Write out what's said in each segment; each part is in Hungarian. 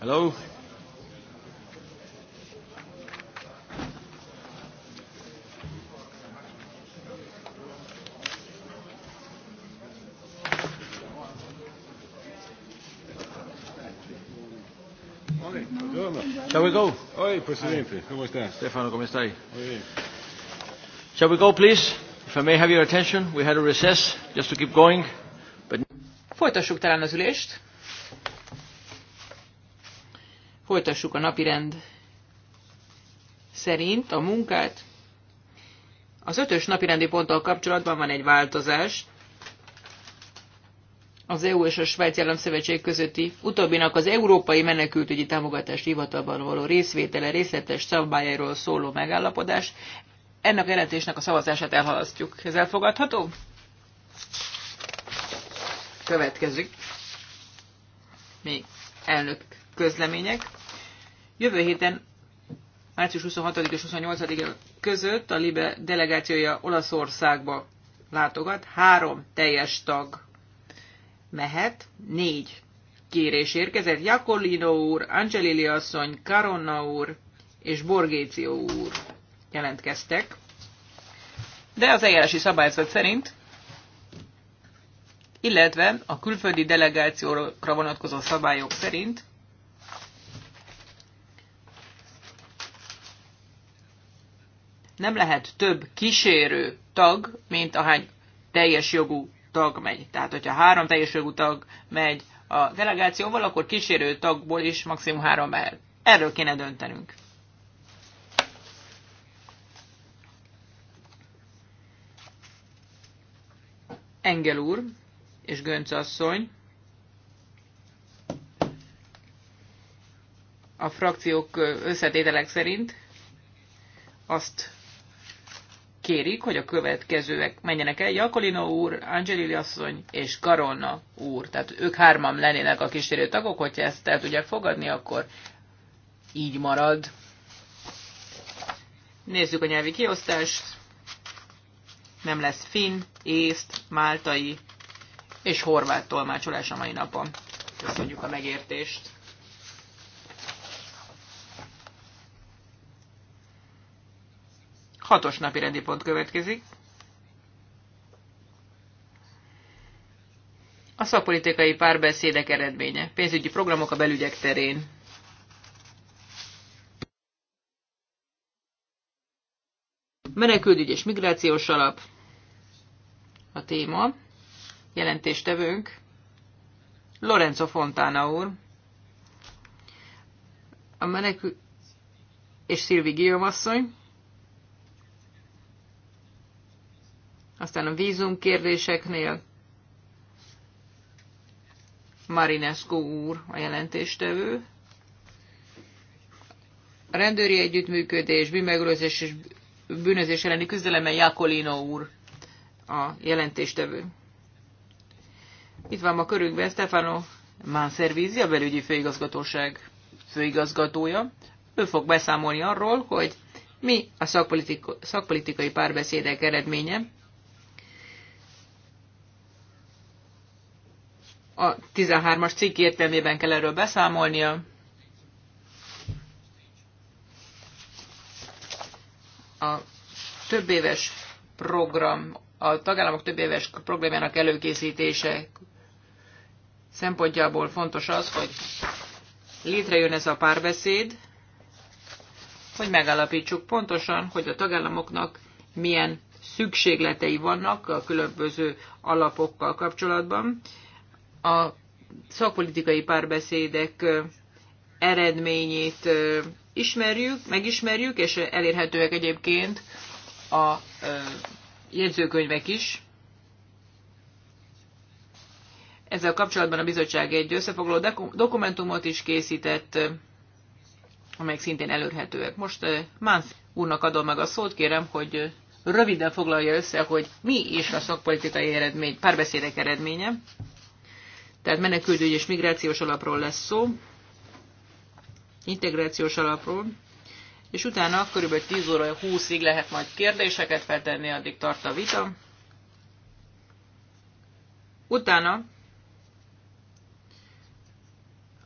Hello. Shall we go? Oi, Presidente, ¿cómo está? Stefano, ¿cómo está Shall we go, please? If I may have your attention, we had a recess just to keep going. But... Folytassuk talán az ülést. Folytassuk a napirend szerint a munkát. Az ötös napirendi ponttal kapcsolatban van egy változás. Az EU és a Svájci Államszövetség közötti utóbbinak az Európai Menekültügyi Támogatás Hivatalban való részvétele részletes szabályairól szóló megállapodás. Ennek a jelentésnek a szavazását elhalasztjuk. Ez elfogadható? Következik. Még elnök közlemények. Jövő héten, március 26 és 28 között a Libe delegációja Olaszországba látogat. Három teljes tag mehet, négy kérés érkezett. Jakolino úr, Angelili asszony, Karonna úr és Borgéció úr jelentkeztek. De az eljárási szabályzat szerint, illetve a külföldi delegációra vonatkozó szabályok szerint nem lehet több kísérő tag, mint ahány teljes jogú tag megy. Tehát, hogyha három teljes jogú tag megy a delegációval, akkor kísérő tagból is maximum három el. Erről kéne döntenünk. Engel úr és Gönc asszony a frakciók összetételek szerint azt kérik, hogy a következőek menjenek el, Jakolino úr, Angelili asszony és Karolna úr. Tehát ők hárman lennének a kísérő tagok, hogyha ezt el tudják fogadni, akkor így marad. Nézzük a nyelvi kiosztást. Nem lesz finn, észt, máltai és horvát tolmácsolás a mai napon. Köszönjük a megértést! Hatos napi rendi pont következik. A szakpolitikai párbeszédek eredménye. Pénzügyi programok a belügyek terén. Menekültügy és migrációs alap a téma. Jelentéstevőnk Lorenzo Fontana úr. A menekült és Szilvi Guillaume asszony. Aztán a vízum kérdéseknél Marinescu úr a jelentéstevő. A rendőri együttműködés, bűnmegőrzés és bűnözés elleni küzdelemben Jakolino úr a jelentéstevő. Itt van a körünkben Stefano Manservizi, a belügyi főigazgatóság főigazgatója. Ő fog beszámolni arról, hogy mi a szakpolitikai párbeszédek eredménye a 13-as cikk értelmében kell erről beszámolnia. A több éves program, a tagállamok több éves programjának előkészítése szempontjából fontos az, hogy létrejön ez a párbeszéd, hogy megállapítsuk pontosan, hogy a tagállamoknak milyen szükségletei vannak a különböző alapokkal kapcsolatban, a szakpolitikai párbeszédek eredményét ismerjük, megismerjük, és elérhetőek egyébként a jegyzőkönyvek is. Ezzel kapcsolatban a bizottság egy összefoglaló dokumentumot is készített, amelyek szintén elérhetőek. Most Mánsz úrnak adom meg a szót, kérem, hogy röviden foglalja össze, hogy mi is a szakpolitikai eredmény, párbeszédek eredménye. Tehát menekülő és migrációs alapról lesz szó, integrációs alapról, és utána kb. 10 óra 20-ig lehet majd kérdéseket feltenni, addig tart a vita. Utána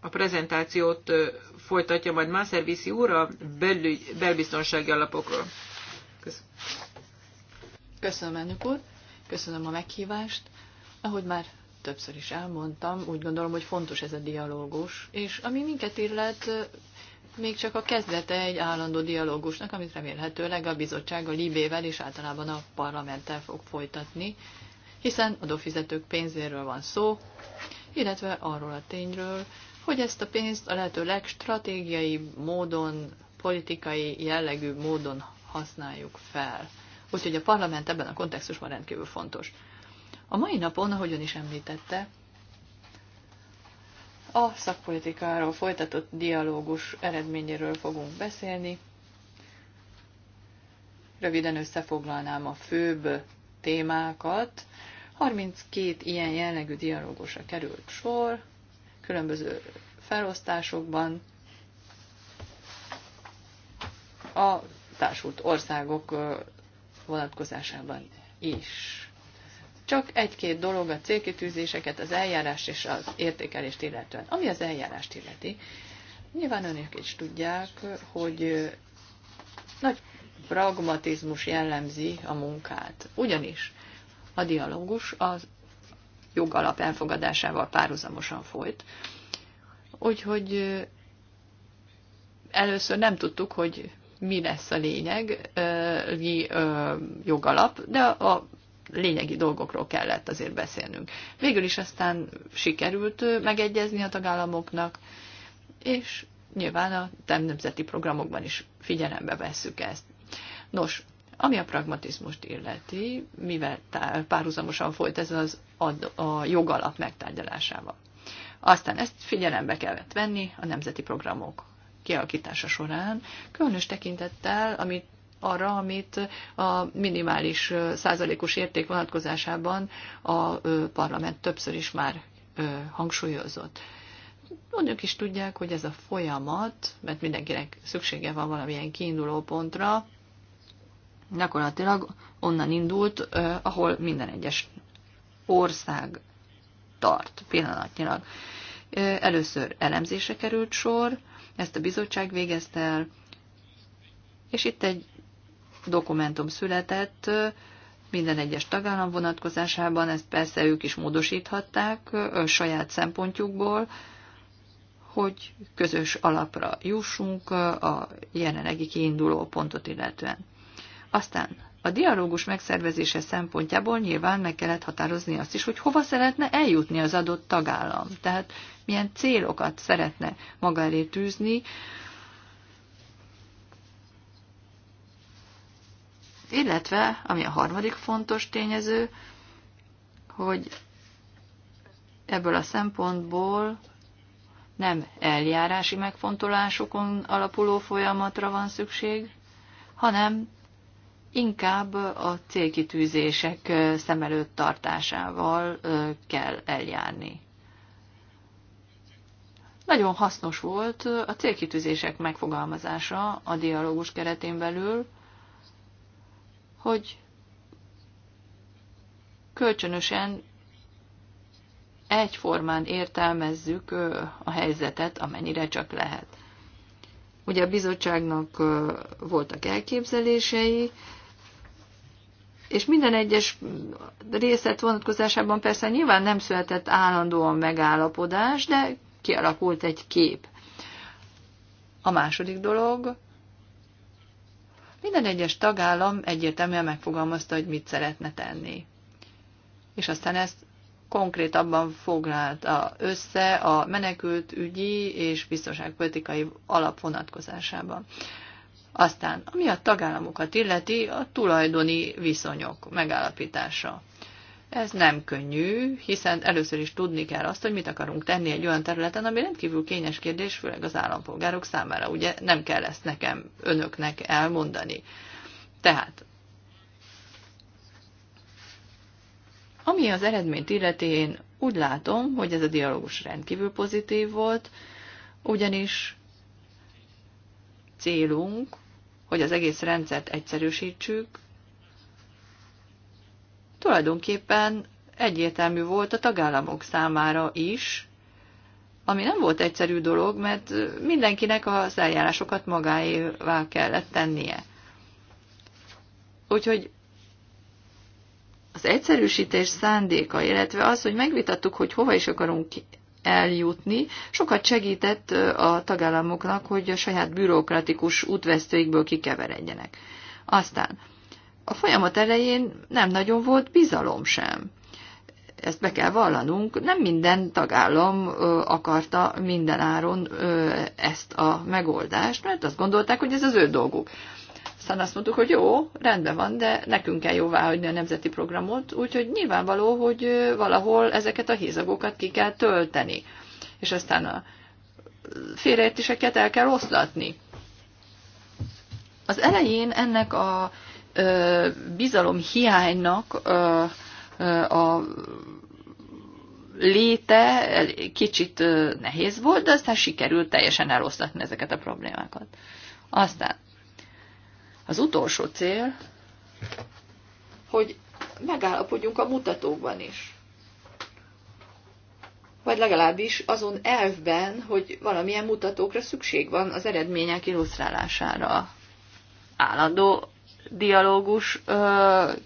a prezentációt folytatja majd Mászerviszi úr a belügy, belbiztonsági alapokról. Köszönöm. Köszönöm, elnök úr. Köszönöm a meghívást. Ahogy már többször is elmondtam, úgy gondolom, hogy fontos ez a dialógus, és ami minket illet, még csak a kezdete egy állandó dialógusnak, amit remélhetőleg a bizottság a Libével és általában a parlamenttel fog folytatni, hiszen adófizetők pénzéről van szó, illetve arról a tényről, hogy ezt a pénzt a lehető legstratégiai módon, politikai jellegű módon használjuk fel. Úgyhogy a parlament ebben a kontextusban rendkívül fontos. A mai napon, ahogy ön is említette, a szakpolitikáról folytatott dialógus eredményéről fogunk beszélni. Röviden összefoglalnám a főbb témákat. 32 ilyen jellegű dialógusra került sor, különböző felosztásokban a társult országok vonatkozásában is csak egy-két dolog a célkitűzéseket, az eljárást és az értékelést illetően. Ami az eljárást illeti, nyilván önök is tudják, hogy nagy pragmatizmus jellemzi a munkát. Ugyanis a dialógus az jogalap elfogadásával párhuzamosan folyt, úgyhogy először nem tudtuk, hogy mi lesz a lényeg, jogalap, de a lényegi dolgokról kellett azért beszélnünk. Végül is aztán sikerült megegyezni a tagállamoknak, és nyilván a nemzeti programokban is figyelembe vesszük ezt. Nos, ami a pragmatizmust illeti, mivel párhuzamosan folyt ez az a, a jogalap megtárgyalásával. Aztán ezt figyelembe kellett venni a nemzeti programok kialakítása során, különös tekintettel, amit arra, amit a minimális százalékos érték vonatkozásában a parlament többször is már hangsúlyozott. Önök is tudják, hogy ez a folyamat, mert mindenkinek szüksége van valamilyen kiinduló pontra, gyakorlatilag onnan indult, ahol minden egyes ország tart pillanatnyilag. Először elemzése került sor, ezt a bizottság végezte el, és itt egy dokumentum született minden egyes tagállam vonatkozásában, ezt persze ők is módosíthatták a saját szempontjukból, hogy közös alapra jussunk a jelenlegi kiinduló pontot illetően. Aztán a dialógus megszervezése szempontjából nyilván meg kellett határozni azt is, hogy hova szeretne eljutni az adott tagállam. Tehát milyen célokat szeretne maga elé tűzni Illetve, ami a harmadik fontos tényező, hogy ebből a szempontból nem eljárási megfontolásokon alapuló folyamatra van szükség, hanem inkább a célkitűzések szem előtt tartásával kell eljárni. Nagyon hasznos volt a célkitűzések megfogalmazása a dialógus keretén belül, hogy kölcsönösen egyformán értelmezzük a helyzetet, amennyire csak lehet. Ugye a bizottságnak voltak elképzelései, és minden egyes részlet vonatkozásában persze nyilván nem született állandóan megállapodás, de kialakult egy kép. A második dolog, minden egyes tagállam egyértelműen megfogalmazta, hogy mit szeretne tenni. És aztán ezt konkrétabban foglalta össze a menekült ügyi és biztonságpolitikai alap vonatkozásában. Aztán, ami a tagállamokat illeti, a tulajdoni viszonyok megállapítása. Ez nem könnyű, hiszen először is tudni kell azt, hogy mit akarunk tenni egy olyan területen, ami rendkívül kényes kérdés, főleg az állampolgárok számára. Ugye nem kell ezt nekem, önöknek elmondani. Tehát, ami az eredményt illeti, én úgy látom, hogy ez a dialógus rendkívül pozitív volt, ugyanis célunk, hogy az egész rendszert egyszerűsítsük, tulajdonképpen egyértelmű volt a tagállamok számára is, ami nem volt egyszerű dolog, mert mindenkinek az eljárásokat magáévá kellett tennie. Úgyhogy az egyszerűsítés szándéka, illetve az, hogy megvitattuk, hogy hova is akarunk eljutni, sokat segített a tagállamoknak, hogy a saját bürokratikus útvesztőikből kikeveredjenek. Aztán a folyamat elején nem nagyon volt bizalom sem. Ezt be kell vallanunk, nem minden tagállam ö, akarta mindenáron ezt a megoldást, mert azt gondolták, hogy ez az ő dolguk. Aztán azt mondtuk, hogy jó, rendben van, de nekünk kell jóváhagyni a nemzeti programot, úgyhogy nyilvánvaló, hogy valahol ezeket a hézagokat ki kell tölteni. És aztán a félreértéseket el kell oszlatni. Az elején ennek a bizalom hiánynak a léte kicsit nehéz volt, de aztán sikerült teljesen eloszlatni ezeket a problémákat. Aztán az utolsó cél, hogy megállapodjunk a mutatókban is. Vagy legalábbis azon elvben, hogy valamilyen mutatókra szükség van az eredmények illusztrálására. Állandó dialógus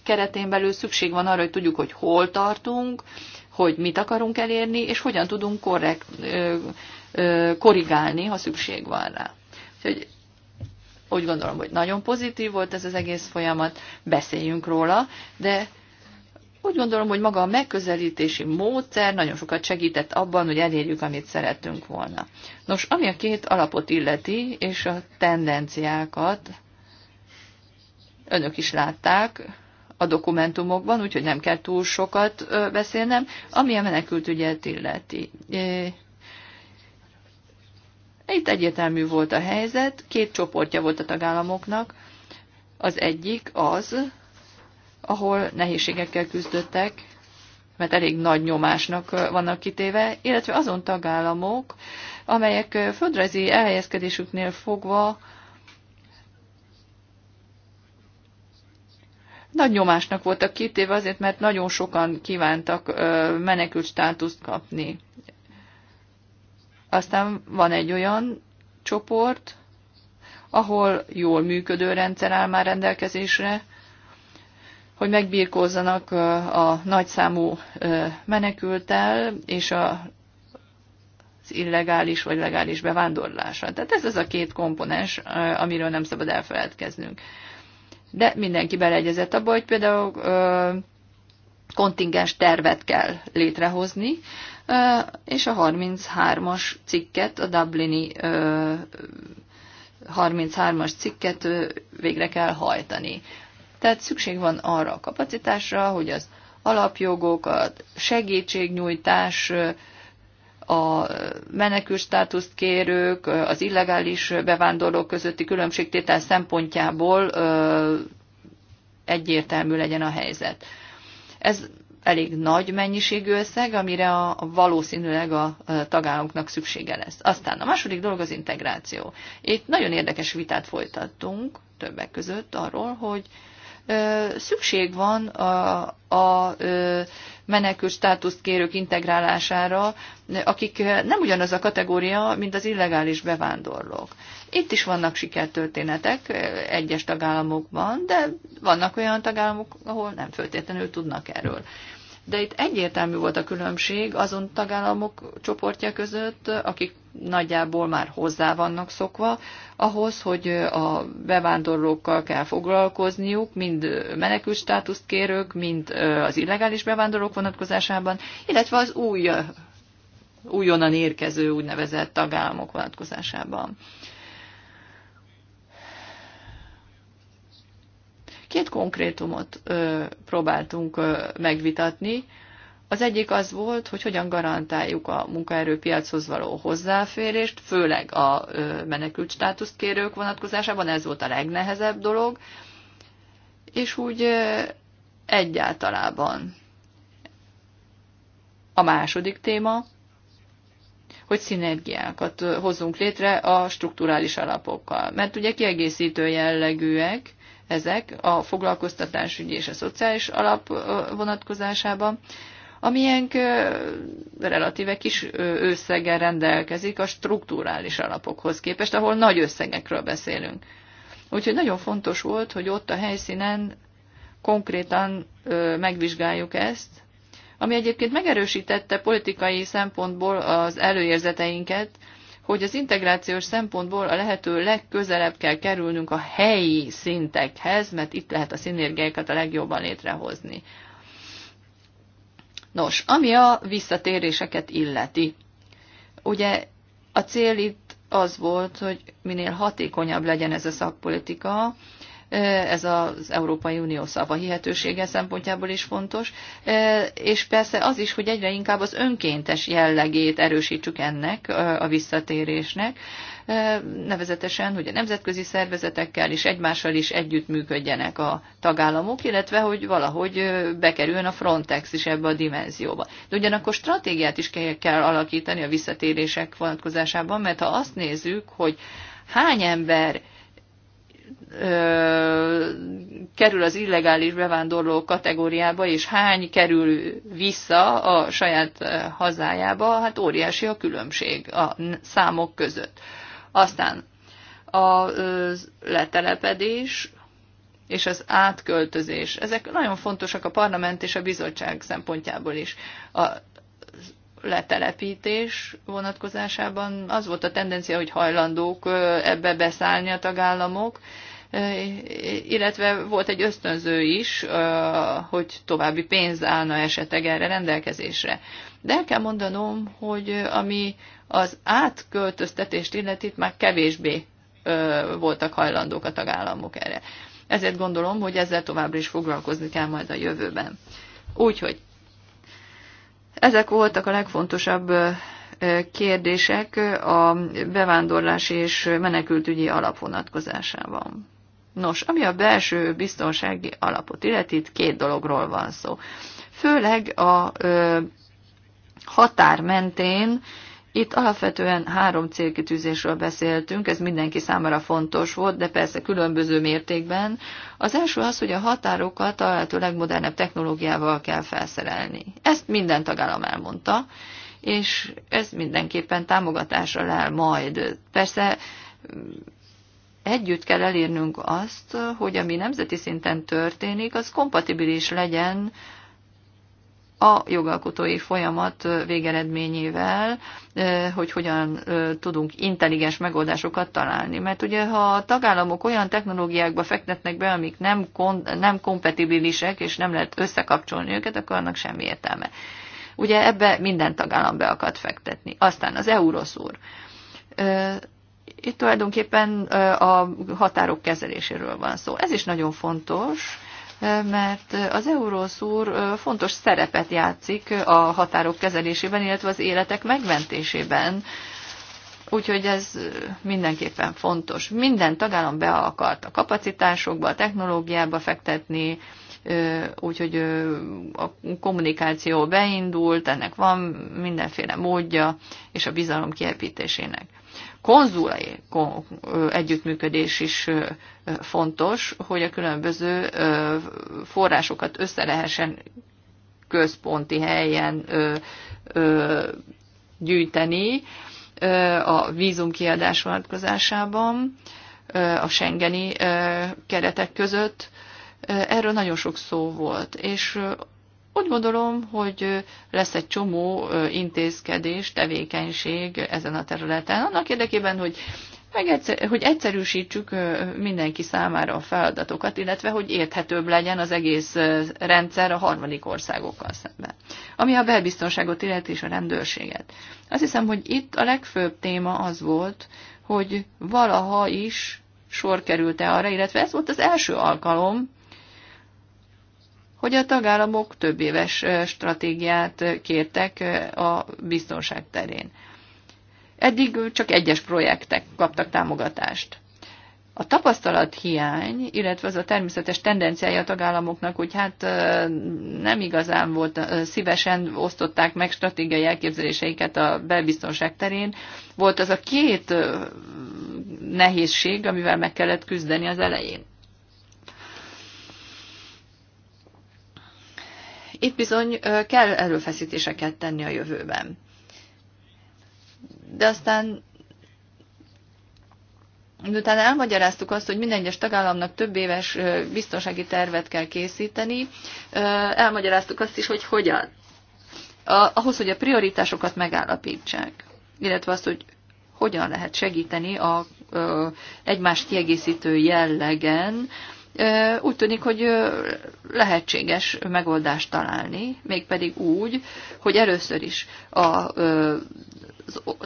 keretén belül szükség van arra, hogy tudjuk, hogy hol tartunk, hogy mit akarunk elérni, és hogyan tudunk korrekt, korrigálni, ha szükség van rá. Úgyhogy úgy gondolom, hogy nagyon pozitív volt ez az egész folyamat, beszéljünk róla, de úgy gondolom, hogy maga a megközelítési módszer nagyon sokat segített abban, hogy elérjük, amit szerettünk volna. Nos, ami a két alapot illeti, és a tendenciákat, önök is látták a dokumentumokban, úgyhogy nem kell túl sokat beszélnem, ami a ügyet illeti. Itt egyértelmű volt a helyzet, két csoportja volt a tagállamoknak. Az egyik az, ahol nehézségekkel küzdöttek, mert elég nagy nyomásnak vannak kitéve, illetve azon tagállamok, amelyek földrajzi elhelyezkedésüknél fogva nagy nyomásnak voltak kitéve azért, mert nagyon sokan kívántak menekült státuszt kapni. Aztán van egy olyan csoport, ahol jól működő rendszer áll már rendelkezésre, hogy megbírkozzanak a nagyszámú menekültel és a, az illegális vagy legális bevándorlásra. Tehát ez az a két komponens, amiről nem szabad elfeledkeznünk de mindenki beleegyezett abba, hogy például kontingens tervet kell létrehozni, és a 33-as cikket, a Dublini 33-as cikket végre kell hajtani. Tehát szükség van arra a kapacitásra, hogy az alapjogokat, segítségnyújtás, a menekül státuszt kérők, az illegális bevándorlók közötti különbségtétel szempontjából egyértelmű legyen a helyzet. Ez elég nagy mennyiségű összeg, amire a, valószínűleg a tagállamoknak szüksége lesz. Aztán a második dolog az integráció. Itt nagyon érdekes vitát folytattunk többek között arról, hogy szükség van a, a, menekül státuszt kérők integrálására, akik nem ugyanaz a kategória, mint az illegális bevándorlók. Itt is vannak sikertörténetek eh, egyes tagállamokban, de vannak olyan tagállamok, ahol nem föltétlenül tudnak erről de itt egyértelmű volt a különbség azon tagállamok csoportja között, akik nagyjából már hozzá vannak szokva, ahhoz, hogy a bevándorlókkal kell foglalkozniuk, mind menekült státuszt kérők, mind az illegális bevándorlók vonatkozásában, illetve az új, újonnan érkező úgynevezett tagállamok vonatkozásában. Két konkrétumot ö, próbáltunk ö, megvitatni. Az egyik az volt, hogy hogyan garantáljuk a munkaerőpiachoz való hozzáférést, főleg a ö, menekült státuszt kérők vonatkozásában, ez volt a legnehezebb dolog, és úgy ö, egyáltalában. A második téma, hogy szinergiákat hozzunk létre a strukturális alapokkal, mert ugye kiegészítő jellegűek, ezek a foglalkoztatásügyi és a szociális alap vonatkozásában. Amilyenk relatíve kis összeggel rendelkezik a strukturális alapokhoz képest, ahol nagy összegekről beszélünk. Úgyhogy nagyon fontos volt, hogy ott a helyszínen konkrétan megvizsgáljuk ezt, ami egyébként megerősítette politikai szempontból az előérzeteinket, hogy az integrációs szempontból a lehető legközelebb kell kerülnünk a helyi szintekhez, mert itt lehet a szinergiákat a legjobban létrehozni. Nos, ami a visszatéréseket illeti. Ugye a cél itt az volt, hogy minél hatékonyabb legyen ez a szakpolitika, E, ez az Európai Unió szava hihetősége szempontjából is fontos, e, és persze az is, hogy egyre inkább az önkéntes jellegét erősítsük ennek e, a visszatérésnek, nevezetesen, hogy a nemzetközi szervezetekkel és egymással is együttműködjenek a tagállamok, illetve hogy valahogy bekerüljön a Frontex is ebbe a dimenzióba. De ugyanakkor stratégiát is kell, kell alakítani a visszatérések vonatkozásában, mert ha azt nézzük, hogy hány ember ö, kerül az illegális bevándorló kategóriába, és hány kerül vissza a saját hazájába, hát óriási a különbség a számok között. Aztán a letelepedés és az átköltözés. Ezek nagyon fontosak a parlament és a bizottság szempontjából is. A letelepítés vonatkozásában az volt a tendencia, hogy hajlandók ebbe beszállni a tagállamok, illetve volt egy ösztönző is, hogy további pénz állna esetleg erre rendelkezésre. De el kell mondanom, hogy ami az átköltöztetést illeti, már kevésbé voltak hajlandók a tagállamok erre. Ezért gondolom, hogy ezzel továbbra is foglalkozni kell majd a jövőben. Úgyhogy ezek voltak a legfontosabb kérdések a bevándorlási és menekültügyi alap vonatkozásában. Nos, ami a belső biztonsági alapot illeti, itt két dologról van szó. Főleg a ö, határ mentén itt alapvetően három célkitűzésről beszéltünk, ez mindenki számára fontos volt, de persze különböző mértékben. Az első az, hogy a határokat a lehető legmodernebb technológiával kell felszerelni. Ezt minden tagállam elmondta, és ez mindenképpen támogatásra lel majd. Persze együtt kell elérnünk azt, hogy ami nemzeti szinten történik, az kompatibilis legyen a jogalkotói folyamat végeredményével, hogy hogyan tudunk intelligens megoldásokat találni. Mert ugye ha a tagállamok olyan technológiákba fektetnek be, amik nem, kon- nem kompatibilisek, és nem lehet összekapcsolni őket, akkor annak semmi értelme. Ugye ebbe minden tagállam be akart fektetni. Aztán az Euroszúr. Itt tulajdonképpen a határok kezeléséről van szó. Ez is nagyon fontos, mert az Euroszúr fontos szerepet játszik a határok kezelésében, illetve az életek megmentésében. Úgyhogy ez mindenképpen fontos. Minden tagállam be akart a kapacitásokba, a technológiába fektetni, úgyhogy a kommunikáció beindult, ennek van mindenféle módja, és a bizalom kiepítésének konzulai együttműködés is fontos, hogy a különböző forrásokat össze lehessen központi helyen gyűjteni a vízumkiadás vonatkozásában, a Schengeni keretek között. Erről nagyon sok szó volt, és úgy gondolom, hogy lesz egy csomó intézkedés, tevékenység ezen a területen. Annak érdekében, hogy meg egyszer, hogy egyszerűsítsük mindenki számára a feladatokat, illetve hogy érthetőbb legyen az egész rendszer a harmadik országokkal szemben. Ami a belbiztonságot illeti és a rendőrséget. Azt hiszem, hogy itt a legfőbb téma az volt, hogy valaha is sor került-e arra, illetve ez volt az első alkalom, hogy a tagállamok több éves stratégiát kértek a biztonság terén. Eddig csak egyes projektek kaptak támogatást. A tapasztalat hiány, illetve az a természetes tendenciája a tagállamoknak, hogy hát nem igazán volt, szívesen osztották meg stratégiai elképzeléseiket a belbiztonság terén, volt az a két nehézség, amivel meg kellett küzdeni az elején. itt bizony kell erőfeszítéseket tenni a jövőben. De aztán miután elmagyaráztuk azt, hogy minden egyes tagállamnak több éves biztonsági tervet kell készíteni, elmagyaráztuk azt is, hogy hogyan. Ahhoz, hogy a prioritásokat megállapítsák, illetve azt, hogy hogyan lehet segíteni a egymást kiegészítő jellegen úgy tűnik, hogy lehetséges megoldást találni, mégpedig úgy, hogy először is a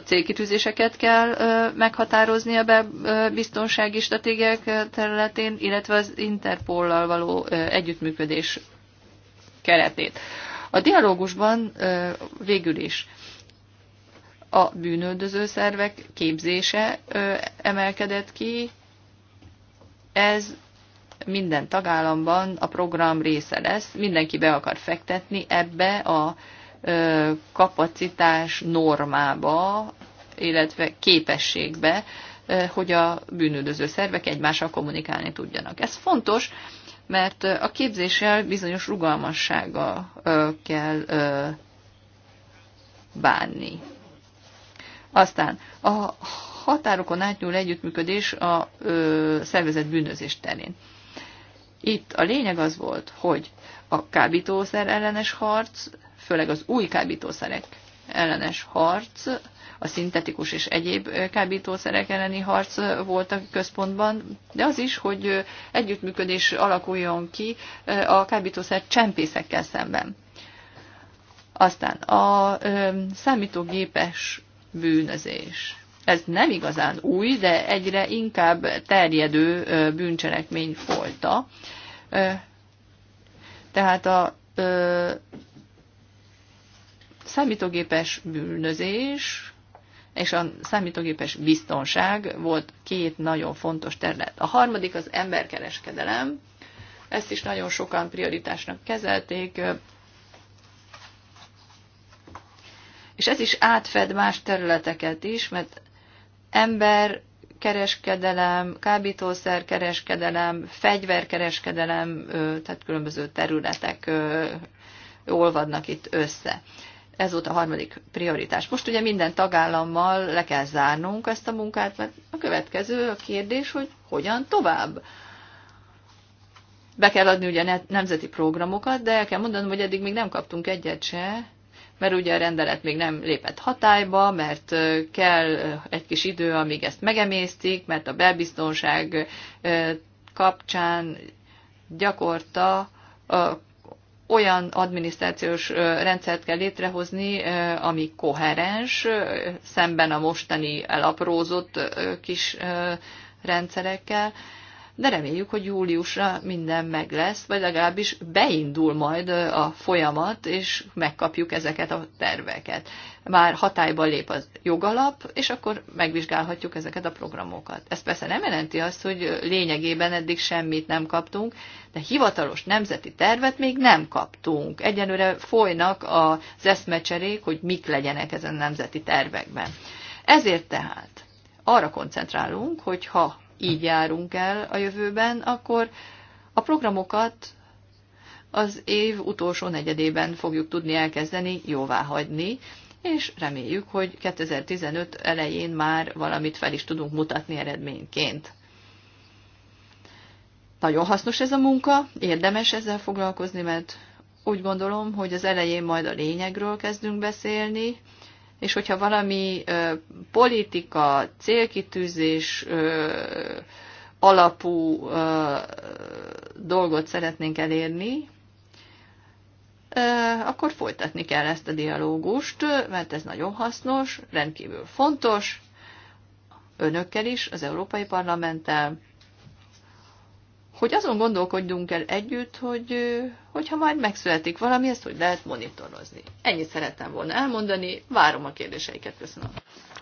célkitűzéseket kell meghatározni a biztonsági stratégiák területén, illetve az Interpollal való együttműködés keretét. A dialógusban végül is a bűnöldöző szervek képzése emelkedett ki, ez minden tagállamban a program része lesz, mindenki be akar fektetni ebbe a kapacitás normába, illetve képességbe, hogy a bűnöldöző szervek egymással kommunikálni tudjanak. Ez fontos, mert a képzéssel bizonyos rugalmassága kell bánni. Aztán a határokon átnyúl együttműködés a szervezet bűnözés terén. Itt a lényeg az volt, hogy a kábítószer ellenes harc, főleg az új kábítószerek ellenes harc, a szintetikus és egyéb kábítószerek elleni harc volt a központban, de az is, hogy együttműködés alakuljon ki a kábítószer csempészekkel szemben. Aztán a számítógépes bűnözés. Ez nem igazán új, de egyre inkább terjedő bűncselekmény folyta. Tehát a számítógépes bűnözés és a számítógépes biztonság volt két nagyon fontos terület. A harmadik az emberkereskedelem. Ezt is nagyon sokan prioritásnak kezelték, és ez is átfed más területeket is, mert emberkereskedelem, kábítószerkereskedelem, fegyverkereskedelem, tehát különböző területek olvadnak itt össze. Ez volt a harmadik prioritás. Most ugye minden tagállammal le kell zárnunk ezt a munkát, mert a következő a kérdés, hogy hogyan tovább. Be kell adni ugye nemzeti programokat, de el kell mondanom, hogy eddig még nem kaptunk egyet se, mert ugye a rendelet még nem lépett hatályba, mert kell egy kis idő, amíg ezt megemésztik, mert a belbiztonság kapcsán gyakorta olyan adminisztrációs rendszert kell létrehozni, ami koherens, szemben a mostani elaprózott kis rendszerekkel, de reméljük, hogy júliusra minden meg lesz, vagy legalábbis beindul majd a folyamat, és megkapjuk ezeket a terveket. Már hatályba lép az jogalap, és akkor megvizsgálhatjuk ezeket a programokat. Ez persze nem jelenti azt, hogy lényegében eddig semmit nem kaptunk, de hivatalos nemzeti tervet még nem kaptunk. Egyenőre folynak az eszmecserék, hogy mik legyenek ezen nemzeti tervekben. Ezért tehát arra koncentrálunk, hogy ha így járunk el a jövőben, akkor a programokat az év utolsó negyedében fogjuk tudni elkezdeni jóvá hagyni, és reméljük, hogy 2015 elején már valamit fel is tudunk mutatni eredményként. Nagyon hasznos ez a munka, érdemes ezzel foglalkozni, mert úgy gondolom, hogy az elején majd a lényegről kezdünk beszélni, és hogyha valami politika, célkitűzés alapú dolgot szeretnénk elérni, akkor folytatni kell ezt a dialógust, mert ez nagyon hasznos, rendkívül fontos, önökkel is, az Európai Parlamenttel, hogy azon gondolkodjunk el együtt, hogy hogyha majd megszületik valami, ezt hogy lehet monitorozni. Ennyit szerettem volna elmondani, várom a kérdéseiket, köszönöm.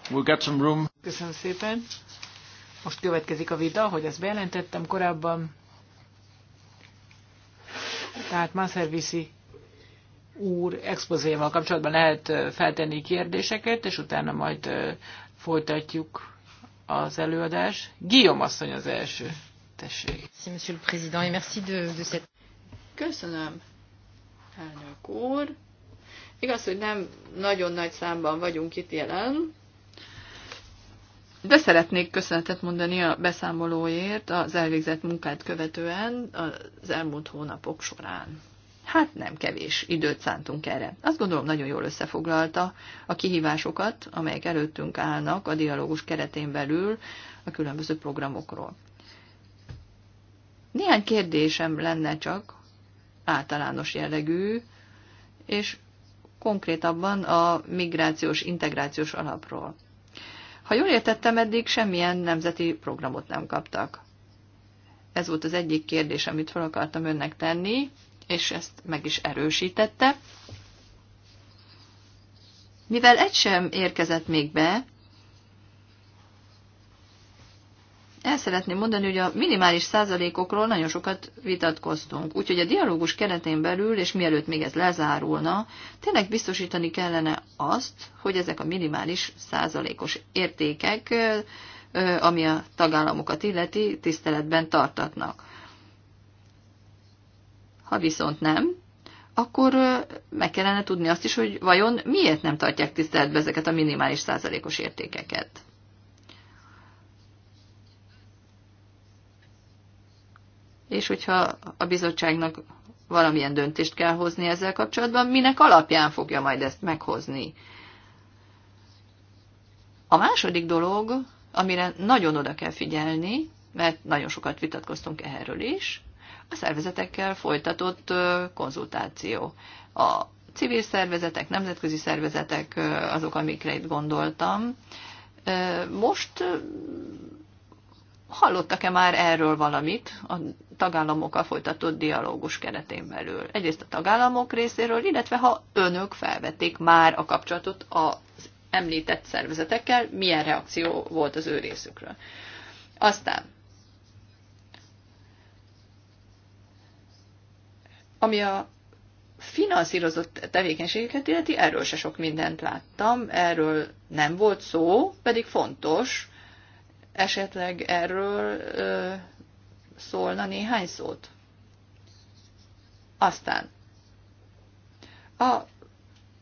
We'll get some room. Köszönöm szépen. Most következik a vita, hogy ezt bejelentettem korábban. Tehát Maservisi úr expozéval kapcsolatban lehet feltenni kérdéseket, és utána majd folytatjuk az előadást. Guillaume asszony az első. Tessék. Monsieur le Président, et merci de, de cette... Köszönöm, elnök úr. Igaz, hogy nem nagyon nagy számban vagyunk itt jelen, de szeretnék köszönetet mondani a beszámolóért az elvégzett munkát követően az elmúlt hónapok során. Hát nem kevés időt szántunk erre. Azt gondolom nagyon jól összefoglalta a kihívásokat, amelyek előttünk állnak a dialógus keretén belül a különböző programokról. Néhány kérdésem lenne csak, általános jellegű, és konkrétabban a migrációs integrációs alapról. Ha jól értettem, eddig semmilyen nemzeti programot nem kaptak. Ez volt az egyik kérdés, amit fel akartam önnek tenni, és ezt meg is erősítette. Mivel egy sem érkezett még be, el szeretném mondani, hogy a minimális százalékokról nagyon sokat vitatkoztunk. Úgyhogy a dialógus keretén belül, és mielőtt még ez lezárulna, tényleg biztosítani kellene azt, hogy ezek a minimális százalékos értékek, ami a tagállamokat illeti, tiszteletben tartatnak. Ha viszont nem, akkor meg kellene tudni azt is, hogy vajon miért nem tartják tiszteletbe ezeket a minimális százalékos értékeket. és hogyha a bizottságnak valamilyen döntést kell hozni ezzel kapcsolatban, minek alapján fogja majd ezt meghozni. A második dolog, amire nagyon oda kell figyelni, mert nagyon sokat vitatkoztunk erről is, a szervezetekkel folytatott konzultáció. A civil szervezetek, nemzetközi szervezetek azok, amikre itt gondoltam. Most Hallottak-e már erről valamit a tagállamokkal folytatott dialógus keretén belül? Egyrészt a tagállamok részéről, illetve ha önök felvették már a kapcsolatot az említett szervezetekkel, milyen reakció volt az ő részükről. Aztán, ami a finanszírozott tevékenységeket illeti, erről se sok mindent láttam, erről nem volt szó, pedig fontos, esetleg erről ö, szólna néhány szót. Aztán a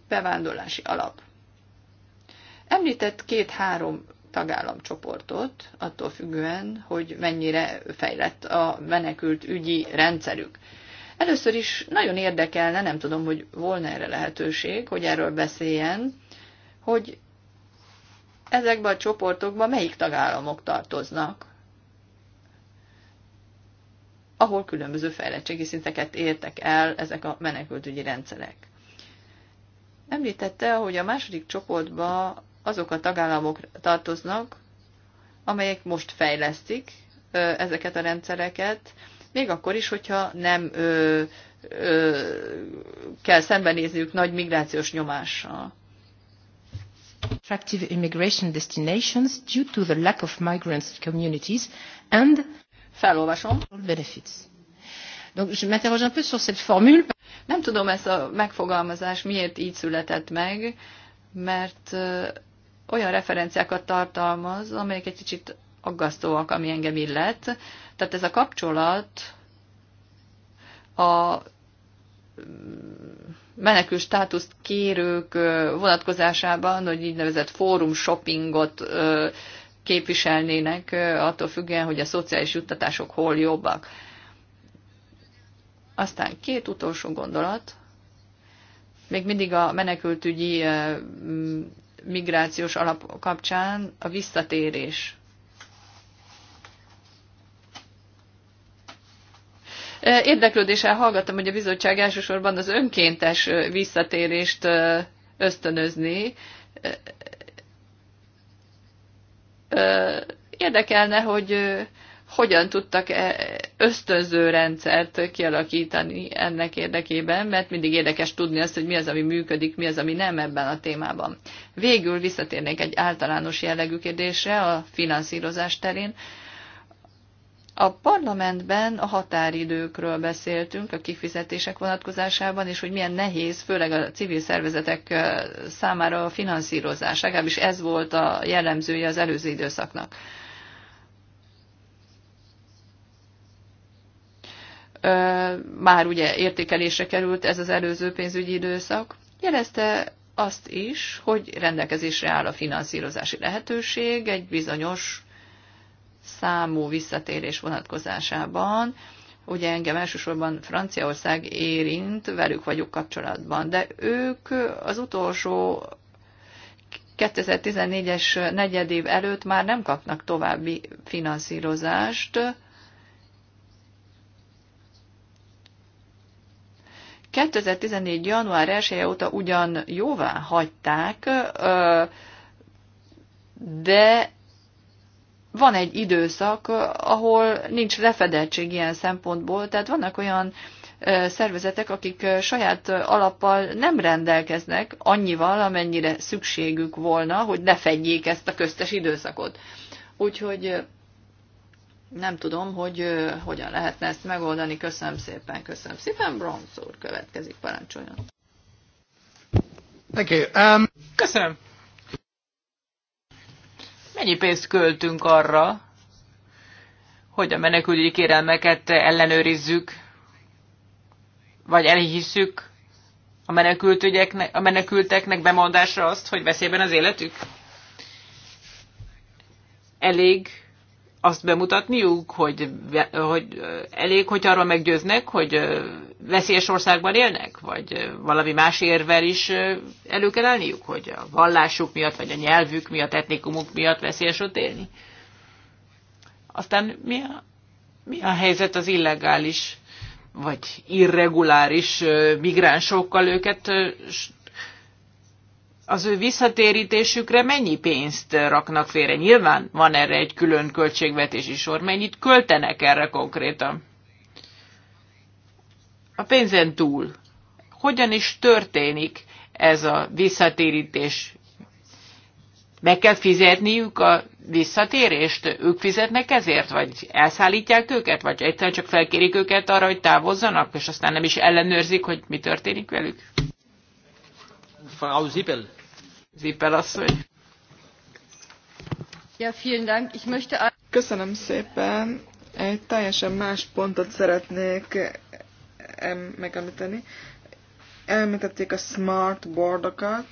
bevándorlási alap. Említett két-három tagállamcsoportot, attól függően, hogy mennyire fejlett a menekült ügyi rendszerük. Először is nagyon érdekelne, nem tudom, hogy volna erre lehetőség, hogy erről beszéljen, hogy ezekbe a csoportokba melyik tagállamok tartoznak, ahol különböző fejlettségi szinteket értek el ezek a menekültügyi rendszerek. Említette, hogy a második csoportba azok a tagállamok tartoznak, amelyek most fejlesztik ezeket a rendszereket, még akkor is, hogyha nem ö, ö, kell szembenézniük nagy migrációs nyomással. Attractive immigration destinations due to the lack of migrant communities and Benefits. Donc, je m'interroge un peu sur cette formule. Nem tudom, ez a megfogalmazás miért így született meg, mert olyan referenciákat tartalmaz, amelyek egy kicsit aggasztóak, ami engem illet. Tehát ez a kapcsolat a menekül státuszt kérők vonatkozásában, hogy így nevezett fórum shoppingot képviselnének, attól függően, hogy a szociális juttatások hol jobbak. Aztán két utolsó gondolat. Még mindig a menekültügyi migrációs alap kapcsán a visszatérés Érdeklődéssel hallgattam, hogy a bizottság elsősorban az önkéntes visszatérést ösztönözni. Érdekelne, hogy hogyan tudtak e, ösztönző rendszert kialakítani ennek érdekében, mert mindig érdekes tudni azt, hogy mi az, ami működik, mi az, ami nem ebben a témában. Végül visszatérnék egy általános jellegű kérdésre a finanszírozás terén. A parlamentben a határidőkről beszéltünk, a kifizetések vonatkozásában, és hogy milyen nehéz, főleg a civil szervezetek számára a finanszírozás. Legalábbis ez volt a jellemzője az előző időszaknak. Már ugye értékelésre került ez az előző pénzügyi időszak. Jelezte azt is, hogy rendelkezésre áll a finanszírozási lehetőség egy bizonyos számú visszatérés vonatkozásában. Ugye engem elsősorban Franciaország érint, velük vagyok kapcsolatban, de ők az utolsó 2014-es negyedév előtt már nem kapnak további finanszírozást. 2014. január 1 -e óta ugyan jóvá hagyták, de van egy időszak, ahol nincs lefedettség ilyen szempontból, tehát vannak olyan szervezetek, akik saját alappal nem rendelkeznek annyival, amennyire szükségük volna, hogy fedjék ezt a köztes időszakot. Úgyhogy nem tudom, hogy hogyan lehetne ezt megoldani. Köszönöm szépen, köszönöm szépen. Bronx úr következik, parancsoljon. Thank you. Um... Köszönöm. Mennyi pénzt költünk arra, hogy a menekülügyi kérelmeket ellenőrizzük, vagy elhisszük a, menekültügyeknek, a menekülteknek bemondásra azt, hogy veszélyben az életük? Elég azt bemutatniuk, hogy, hogy elég, hogy arról meggyőznek, hogy veszélyes országban élnek, vagy valami más érvel is elő kell állniuk, hogy a vallásuk miatt, vagy a nyelvük miatt, etnikumuk miatt veszélyes ott élni. Aztán mi a, mi a helyzet az illegális vagy irreguláris migránsokkal őket az ő visszatérítésükre mennyi pénzt raknak félre? Nyilván van erre egy külön költségvetési sor, mennyit költenek erre konkrétan? A pénzen túl. Hogyan is történik ez a visszatérítés? Meg kell fizetniük a visszatérést? Ők fizetnek ezért? Vagy elszállítják őket? Vagy egyszerűen csak felkérik őket arra, hogy távozzanak, és aztán nem is ellenőrzik, hogy mi történik velük? Frau Zippel. Köszönöm szépen. Egy teljesen más pontot szeretnék megemlíteni. Elmentették a smart boardokat.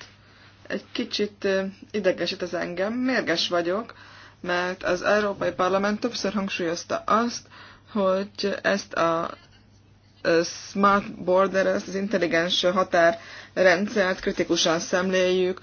Egy kicsit idegesít az engem. Mérges vagyok, mert az Európai Parlament többször hangsúlyozta azt, hogy ezt a smart border, ezt az intelligens határrendszert kritikusan szemléljük,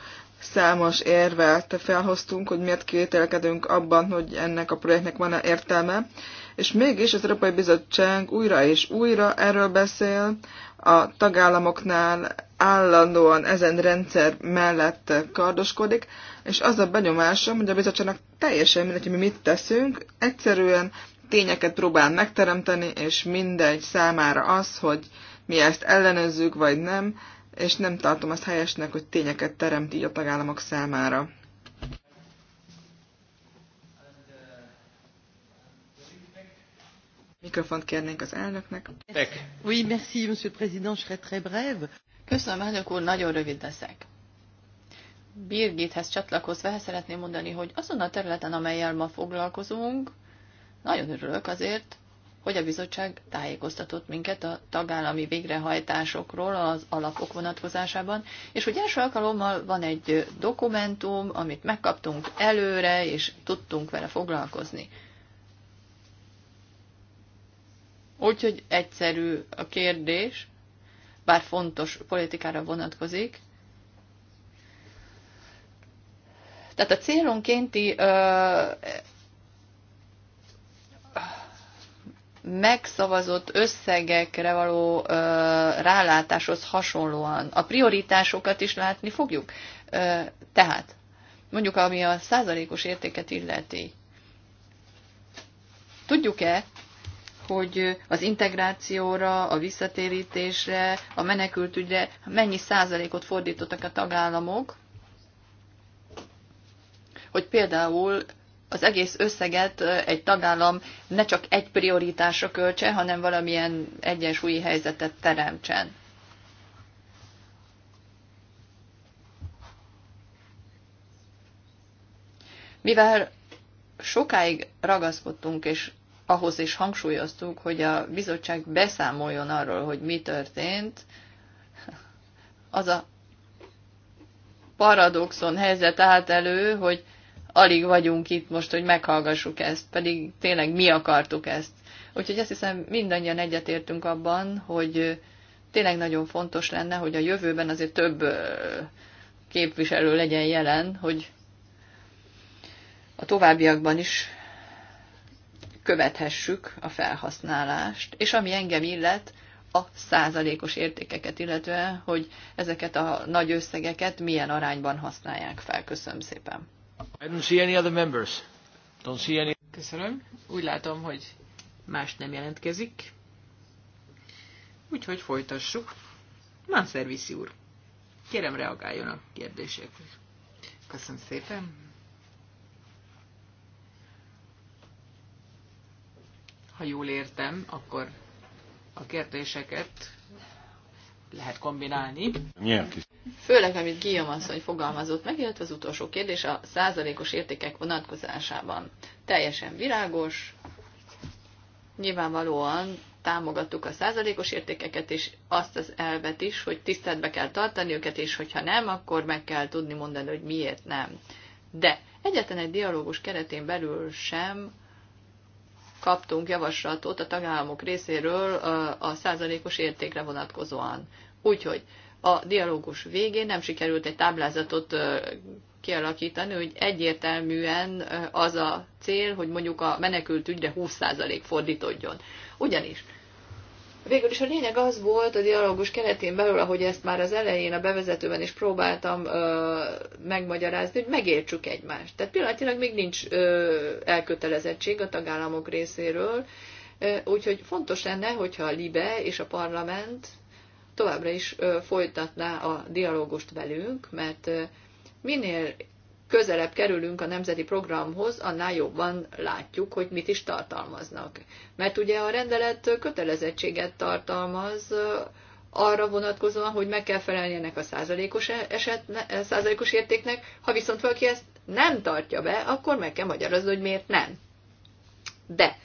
számos érvet felhoztunk, hogy miért kételkedünk abban, hogy ennek a projektnek van-e értelme, és mégis az Európai Bizottság újra és újra erről beszél, a tagállamoknál állandóan ezen rendszer mellett kardoskodik, és az a benyomásom, hogy a bizottságnak teljesen mindegy, hogy mi mit teszünk, egyszerűen tényeket próbál megteremteni, és mindegy számára az, hogy mi ezt ellenőzzük, vagy nem, és nem tartom azt helyesnek, hogy tényeket teremt így a tagállamok számára. Mikrofont kérnénk az elnöknek. Oui, merci, monsieur le président, je serai très brève. Köszönöm, elnök úr, nagyon rövid leszek. Birgithez csatlakozva szeretném mondani, hogy azon a területen, amelyel ma foglalkozunk, nagyon örülök azért, hogy a bizottság tájékoztatott minket a tagállami végrehajtásokról az alapok vonatkozásában, és hogy első alkalommal van egy dokumentum, amit megkaptunk előre, és tudtunk vele foglalkozni. Úgyhogy egyszerű a kérdés, bár fontos politikára vonatkozik. Tehát a célunkénti megszavazott összegekre való ö, rálátáshoz hasonlóan a prioritásokat is látni fogjuk. Ö, tehát, mondjuk ami a százalékos értéket illeti, tudjuk-e, hogy az integrációra, a visszatérítésre, a menekültügyre mennyi százalékot fordítottak a tagállamok, hogy például az egész összeget egy tagállam ne csak egy prioritásra költse, hanem valamilyen egyensúlyi helyzetet teremtsen. Mivel sokáig ragaszkodtunk, és ahhoz is hangsúlyoztuk, hogy a bizottság beszámoljon arról, hogy mi történt, az a paradoxon helyzet állt elő, hogy alig vagyunk itt most, hogy meghallgassuk ezt, pedig tényleg mi akartuk ezt. Úgyhogy azt hiszem mindannyian egyetértünk abban, hogy tényleg nagyon fontos lenne, hogy a jövőben azért több képviselő legyen jelen, hogy a továbbiakban is követhessük a felhasználást, és ami engem illet, a százalékos értékeket illetve, hogy ezeket a nagy összegeket milyen arányban használják fel. Köszönöm szépen! Köszönöm. Úgy látom, hogy más nem jelentkezik. Úgyhogy folytassuk. szervisi úr, kérem reagáljon a kérdésekre. Köszönöm szépen. Ha jól értem, akkor a kérdéseket lehet kombinálni. Főleg, amit Guillaume asszony fogalmazott meg, illetve az utolsó kérdés a százalékos értékek vonatkozásában. Teljesen virágos, nyilvánvalóan támogattuk a százalékos értékeket, és azt az elvet is, hogy tiszteletbe kell tartani őket, és hogyha nem, akkor meg kell tudni mondani, hogy miért nem. De egyetlen egy dialógus keretén belül sem kaptunk javaslatot a tagállamok részéről a százalékos értékre vonatkozóan. Úgyhogy a dialógus végén nem sikerült egy táblázatot kialakítani, hogy egyértelműen az a cél, hogy mondjuk a menekült ügyre 20% fordítódjon. Ugyanis Végül is a lényeg az volt a dialógus keretén belül, ahogy ezt már az elején a bevezetőben is próbáltam ö, megmagyarázni, hogy megértsük egymást. Tehát pillanatilag még nincs ö, elkötelezettség a tagállamok részéről, ö, úgyhogy fontos lenne, hogyha a LIBE és a parlament továbbra is ö, folytatná a dialógust velünk, mert ö, minél közelebb kerülünk a nemzeti programhoz, annál jobban látjuk, hogy mit is tartalmaznak. Mert ugye a rendelet kötelezettséget tartalmaz arra vonatkozóan, hogy meg kell ennek a százalékos, e- eset, e- százalékos értéknek, ha viszont valaki ezt nem tartja be, akkor meg kell magyarázni, hogy miért nem. De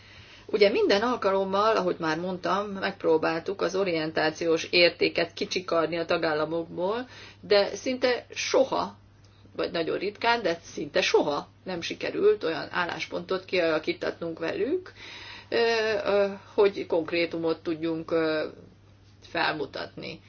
Ugye minden alkalommal, ahogy már mondtam, megpróbáltuk az orientációs értéket kicsikarni a tagállamokból, de szinte soha vagy nagyon ritkán, de szinte soha nem sikerült olyan álláspontot kialakítatnunk velük, hogy konkrétumot tudjunk felmutatni.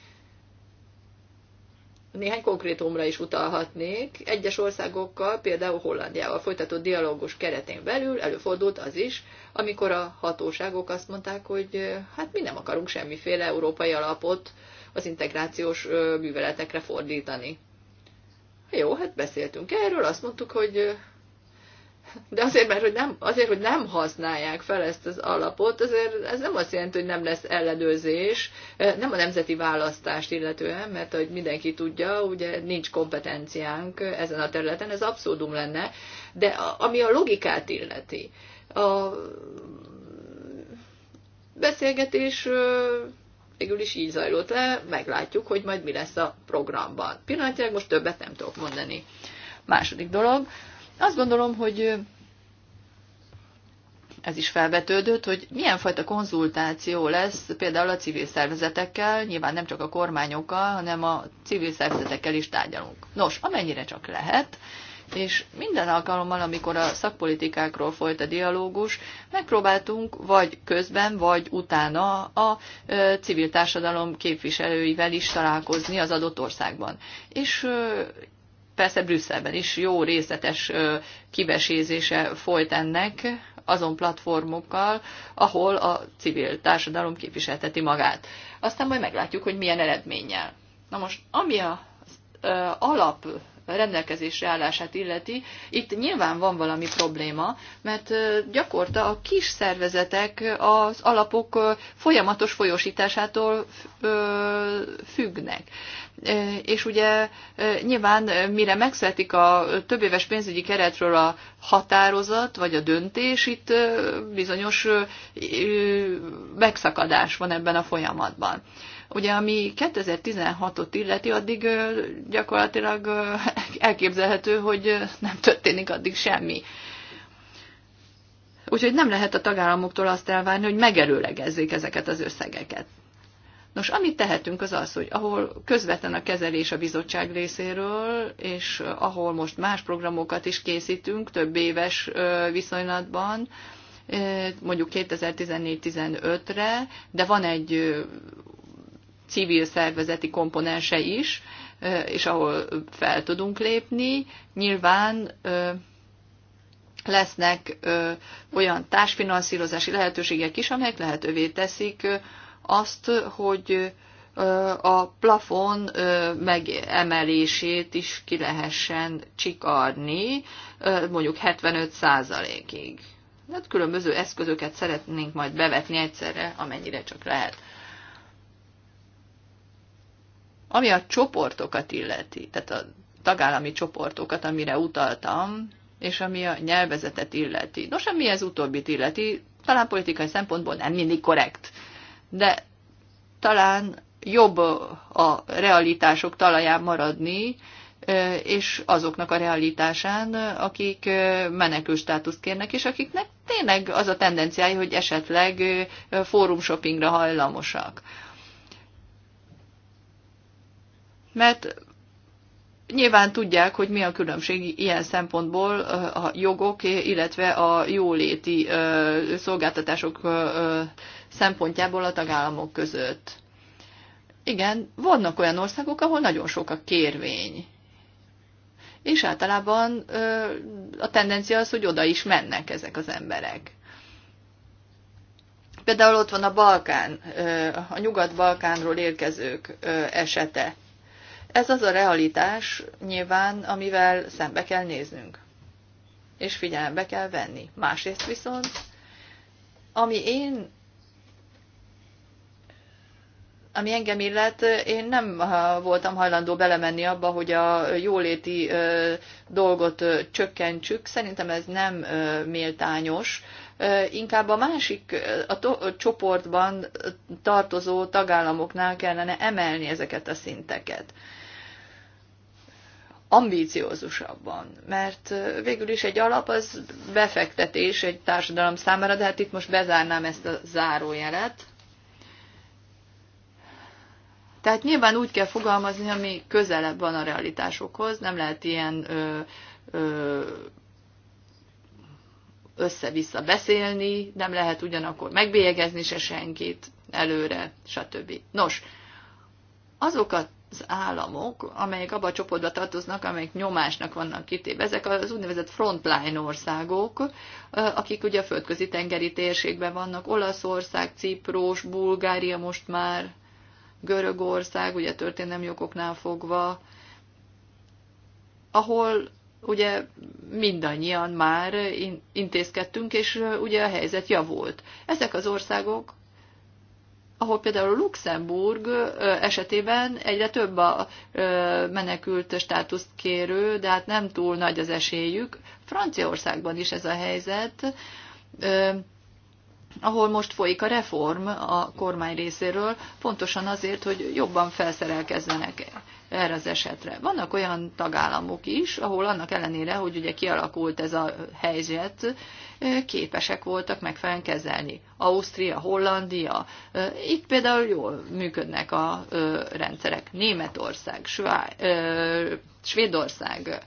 Néhány konkrétumra is utalhatnék. Egyes országokkal, például Hollandiával folytatott dialógus keretén belül előfordult az is, amikor a hatóságok azt mondták, hogy hát mi nem akarunk semmiféle európai alapot az integrációs műveletekre fordítani. Jó, hát beszéltünk erről, azt mondtuk, hogy de azért, mert hogy nem, azért, hogy nem használják fel ezt az alapot, azért ez nem azt jelenti, hogy nem lesz ellenőrzés, nem a nemzeti választást illetően, mert hogy mindenki tudja, ugye nincs kompetenciánk ezen a területen, ez abszurdum lenne, de ami a logikát illeti, a beszélgetés végül is így zajlott le, meglátjuk, hogy majd mi lesz a programban. Pillanatilag most többet nem tudok mondani. Második dolog, azt gondolom, hogy ez is felvetődött, hogy milyen fajta konzultáció lesz például a civil szervezetekkel, nyilván nem csak a kormányokkal, hanem a civil szervezetekkel is tárgyalunk. Nos, amennyire csak lehet, és minden alkalommal, amikor a szakpolitikákról folyt a dialógus, megpróbáltunk vagy közben, vagy utána a civil társadalom képviselőivel is találkozni az adott országban. És persze Brüsszelben is jó részletes kibesézése folyt ennek azon platformokkal, ahol a civil társadalom képviselteti magát. Aztán majd meglátjuk, hogy milyen eredménnyel. Na most, ami a alap rendelkezésre állását illeti, itt nyilván van valami probléma, mert gyakorta a kis szervezetek az alapok folyamatos folyosításától függnek. És ugye nyilván mire megszületik a többéves pénzügyi keretről a határozat, vagy a döntés, itt bizonyos megszakadás van ebben a folyamatban. Ugye ami 2016-ot illeti, addig gyakorlatilag elképzelhető, hogy nem történik addig semmi. Úgyhogy nem lehet a tagállamoktól azt elvárni, hogy megerőlegezzék ezeket az összegeket. Nos, amit tehetünk az az, hogy ahol közvetlen a kezelés a bizottság részéről, és ahol most más programokat is készítünk több éves viszonylatban, mondjuk 2014-15-re, de van egy civil szervezeti komponense is, és ahol fel tudunk lépni. Nyilván lesznek olyan társfinanszírozási lehetőségek is, amelyek lehetővé teszik azt, hogy a plafon megemelését is ki lehessen csikarni, mondjuk 75%-ig. Hát különböző eszközöket szeretnénk majd bevetni egyszerre, amennyire csak lehet. Ami a csoportokat illeti, tehát a tagállami csoportokat, amire utaltam, és ami a nyelvezetet illeti. Nos, ami ez utóbbit illeti, talán politikai szempontból nem mindig korrekt, de talán jobb a realitások talaján maradni, és azoknak a realitásán, akik menekül státuszt kérnek, és akiknek tényleg az a tendenciája, hogy esetleg fórum shoppingra hajlamosak. mert nyilván tudják, hogy mi a különbség ilyen szempontból a jogok, illetve a jóléti szolgáltatások szempontjából a tagállamok között. Igen, vannak olyan országok, ahol nagyon sok a kérvény. És általában a tendencia az, hogy oda is mennek ezek az emberek. Például ott van a Balkán, a Nyugat-Balkánról érkezők esete. Ez az a realitás nyilván, amivel szembe kell néznünk, és figyelembe kell venni. Másrészt viszont, ami én ami engem illet, én nem voltam hajlandó belemenni abba, hogy a jóléti dolgot csökkentsük. Szerintem ez nem méltányos inkább a másik a, to- a csoportban tartozó tagállamoknál kellene emelni ezeket a szinteket ambíciózusabban, mert végül is egy alap az befektetés egy társadalom számára, de hát itt most bezárnám ezt a zárójelet. Tehát nyilván úgy kell fogalmazni, ami közelebb van a realitásokhoz, nem lehet ilyen ö, ö, össze-vissza beszélni, nem lehet ugyanakkor megbélyegezni se senkit előre, stb. Nos, azok az államok, amelyek abba a csoportba tartoznak, amelyek nyomásnak vannak kitéve, ezek az úgynevezett frontline országok, akik ugye a földközi tengeri térségben vannak, Olaszország, Ciprus, Bulgária most már, Görögország, ugye történelmi okoknál fogva, ahol ugye mindannyian már intézkedtünk, és ugye a helyzet javult. Ezek az országok, ahol például Luxemburg esetében egyre több a menekült státuszt kérő, de hát nem túl nagy az esélyük. Franciaországban is ez a helyzet, ahol most folyik a reform a kormány részéről, pontosan azért, hogy jobban felszerelkezzenek erre az esetre. Vannak olyan tagállamok is, ahol annak ellenére, hogy ugye kialakult ez a helyzet, eh, képesek voltak megfelelően kezelni. Ausztria, Hollandia, eh, itt például jól működnek a eh, rendszerek. Németország, Svá- Svédország,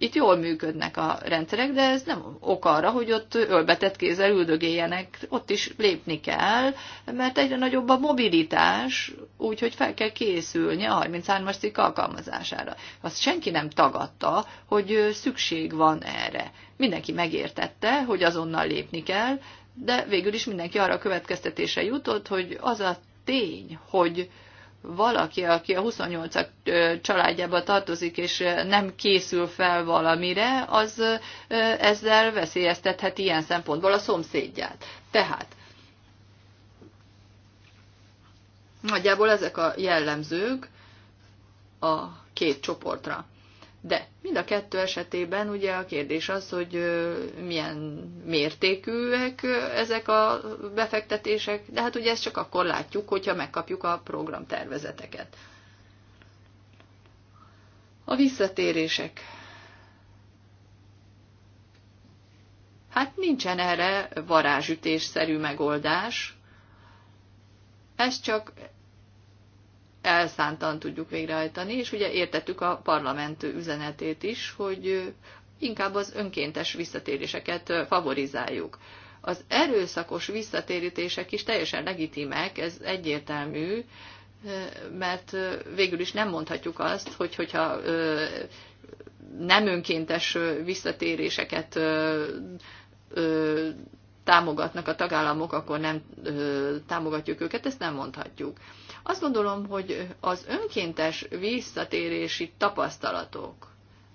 itt jól működnek a rendszerek, de ez nem ok arra, hogy ott ölbetett kézzel üldögéljenek, ott is lépni kell, mert egyre nagyobb a mobilitás, úgyhogy fel kell készülni a 33-as cikk alkalmazására. Azt senki nem tagadta, hogy szükség van erre. Mindenki megértette, hogy azonnal lépni kell, de végül is mindenki arra a következtetésre jutott, hogy az a tény, hogy valaki, aki a 28-ak családjába tartozik, és nem készül fel valamire, az ezzel veszélyeztethet ilyen szempontból a szomszédját. Tehát nagyjából ezek a jellemzők a két csoportra. De mind a kettő esetében ugye a kérdés az, hogy milyen mértékűek ezek a befektetések, de hát ugye ezt csak akkor látjuk, hogyha megkapjuk a programtervezeteket. A visszatérések. Hát nincsen erre varázsütésszerű megoldás. Ez csak elszántan tudjuk végrehajtani, és ugye értettük a parlament üzenetét is, hogy inkább az önkéntes visszatéréseket favorizáljuk. Az erőszakos visszatérítések is teljesen legitimek, ez egyértelmű, mert végül is nem mondhatjuk azt, hogy hogyha nem önkéntes visszatéréseket támogatnak a tagállamok, akkor nem támogatjuk őket, ezt nem mondhatjuk. Azt gondolom, hogy az önkéntes visszatérési tapasztalatok,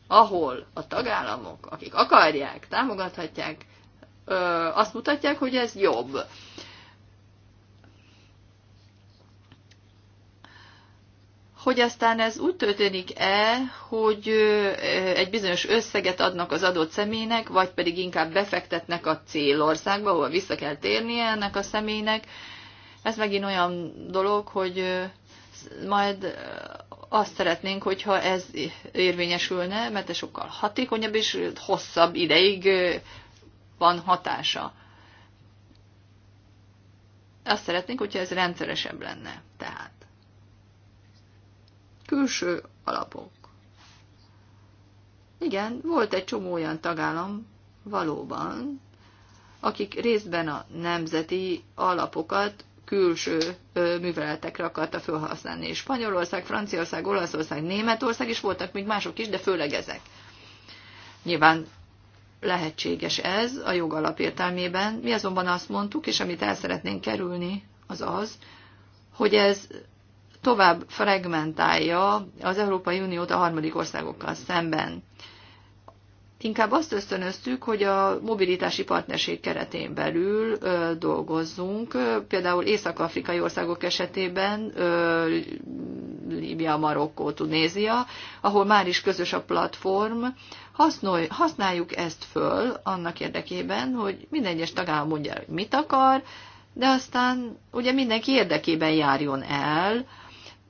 ahol a tagállamok, akik akarják, támogathatják, azt mutatják, hogy ez jobb. hogy aztán ez úgy történik-e, hogy egy bizonyos összeget adnak az adott személynek, vagy pedig inkább befektetnek a célországba, ahol vissza kell térnie ennek a személynek, ez megint olyan dolog, hogy majd azt szeretnénk, hogyha ez érvényesülne, mert ez sokkal hatékonyabb és hosszabb ideig van hatása. Azt szeretnénk, hogyha ez rendszeresebb lenne. Tehát külső alapok. Igen, volt egy csomó olyan tagállam valóban, akik részben a nemzeti alapokat külső műveletekre akarta felhasználni. És Spanyolország, Franciaország, Olaszország, Németország is voltak még mások is, de főleg ezek. Nyilván lehetséges ez a jog alapértelmében. Mi azonban azt mondtuk, és amit el szeretnénk kerülni, az az, hogy ez tovább fragmentálja az Európai Uniót a harmadik országokkal szemben inkább azt ösztönöztük, hogy a mobilitási partnerség keretén belül dolgozzunk. Például észak-afrikai országok esetében Líbia, Marokkó, Tunézia, ahol már is közös a platform, Hasznolj, használjuk ezt föl annak érdekében, hogy minden egyes tagállam mondja, hogy mit akar, de aztán ugye mindenki érdekében járjon el,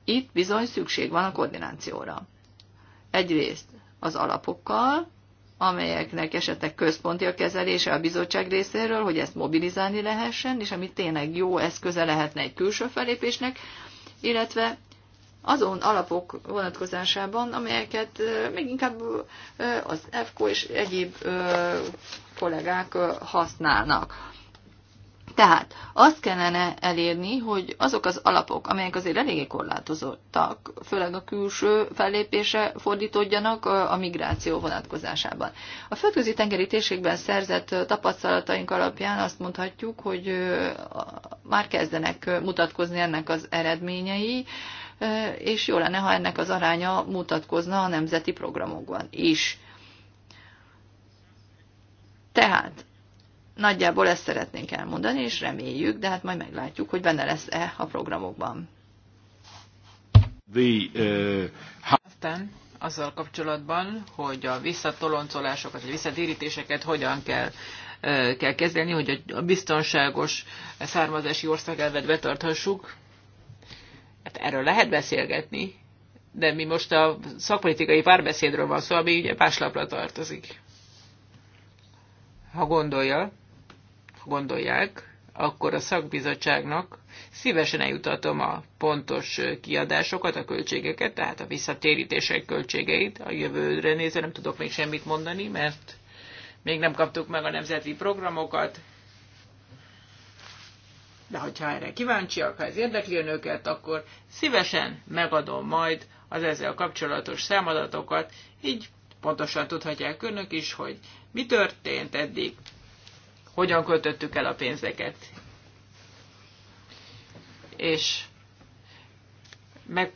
itt bizony szükség van a koordinációra. Egyrészt az alapokkal, amelyeknek esetek központi a kezelése a bizottság részéről, hogy ezt mobilizálni lehessen, és ami tényleg jó eszköze lehetne egy külső felépésnek, illetve azon alapok vonatkozásában, amelyeket még inkább az EFKO és egyéb kollégák használnak. Tehát azt kellene elérni, hogy azok az alapok, amelyek azért eléggé korlátozottak, főleg a külső fellépése fordítódjanak a migráció vonatkozásában. A földközi tengeri térségben szerzett tapasztalataink alapján azt mondhatjuk, hogy már kezdenek mutatkozni ennek az eredményei, és jó lenne, ha ennek az aránya mutatkozna a nemzeti programokban is. Tehát Nagyjából ezt szeretnénk elmondani, és reméljük, de hát majd meglátjuk, hogy benne lesz-e a programokban. The, uh, Aztán azzal kapcsolatban, hogy a visszatoloncolásokat, a visszatérítéseket hogyan kell, uh, kell kezelni, hogy a biztonságos származási elvet betarthassuk. Hát erről lehet beszélgetni, de mi most a szakpolitikai párbeszédről van szó, ami ugye páslapra tartozik. Ha gondolja, gondolják, akkor a szakbizottságnak szívesen eljutatom a pontos kiadásokat, a költségeket, tehát a visszatérítések költségeit a jövőre nézve. Nem tudok még semmit mondani, mert még nem kaptuk meg a nemzeti programokat, de hogyha erre kíváncsiak, ha ez érdekli önöket, akkor szívesen megadom majd az ezzel kapcsolatos számadatokat, így pontosan tudhatják önök is, hogy mi történt eddig, hogyan költöttük el a pénzeket. És, meg,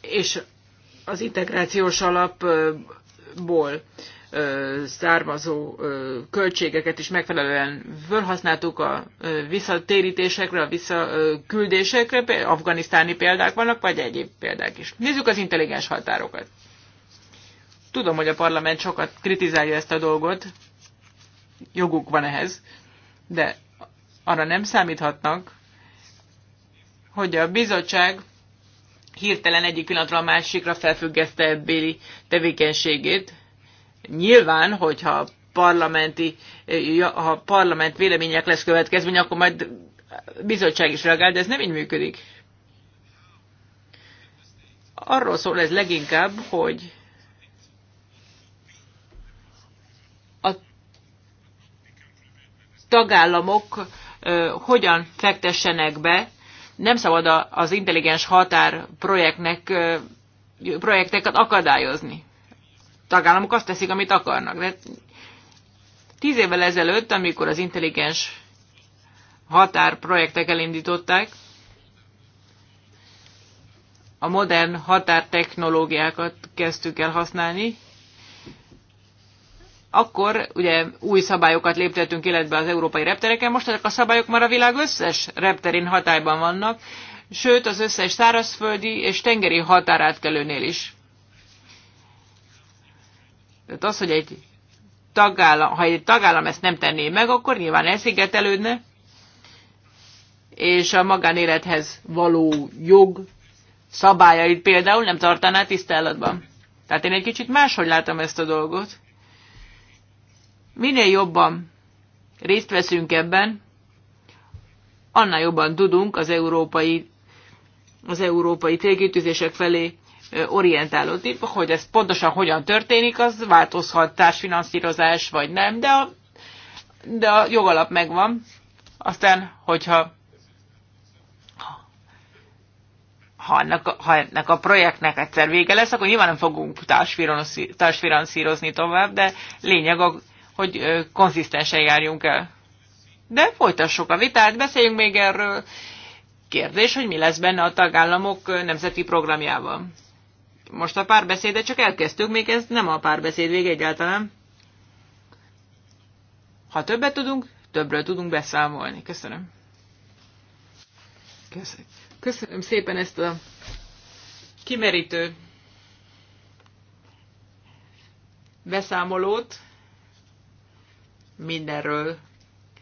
és az integrációs alapból származó költségeket is megfelelően fölhasználtuk a visszatérítésekre, a visszaküldésekre, afganisztáni példák vannak, vagy egyéb példák is. Nézzük az intelligens határokat. Tudom, hogy a parlament sokat kritizálja ezt a dolgot, joguk van ehhez, de arra nem számíthatnak, hogy a bizottság hirtelen egyik pillanatra a másikra felfüggeszte Béli tevékenységét. Nyilván, hogyha parlamenti, ha parlament vélemények lesz következmény, akkor majd bizottság is reagál, de ez nem így működik. Arról szól ez leginkább, hogy tagállamok hogyan fektessenek be. Nem szabad az intelligens határ projektnek, projekteket akadályozni. Tagállamok azt teszik, amit akarnak. De tíz évvel ezelőtt, amikor az intelligens projektek elindították, a modern határtechnológiákat kezdtük el használni, akkor ugye új szabályokat léptettünk életbe az európai reptereken, most ezek a szabályok már a világ összes repterén hatályban vannak, sőt az összes szárazföldi és tengeri határátkelőnél is. Tehát az, hogy egy tagállam, ha egy tagállam ezt nem tenné meg, akkor nyilván elszigetelődne, és a magánélethez való jog szabályait például nem tartaná tiszteletben. Tehát én egy kicsit máshogy látom ezt a dolgot. Minél jobban részt veszünk ebben, annál jobban tudunk az európai, az európai tégítőzések felé orientálódni, hogy ez pontosan hogyan történik, az változhat társfinanszírozás vagy nem, de a, de a jogalap megvan. Aztán, hogyha ha ennek, a, ha ennek a projektnek egyszer vége lesz, akkor nyilván nem fogunk társfinanszírozni tovább, de lényeg a hogy konzisztensen járjunk el. De folytassuk a vitát, beszéljünk még erről. Kérdés, hogy mi lesz benne a tagállamok nemzeti programjában. Most a párbeszédet csak elkezdtük, még ez nem a párbeszéd vége egyáltalán. Ha többet tudunk, többről tudunk beszámolni. Köszönöm. Köszönöm, Köszönöm szépen ezt a kimerítő beszámolót mindenről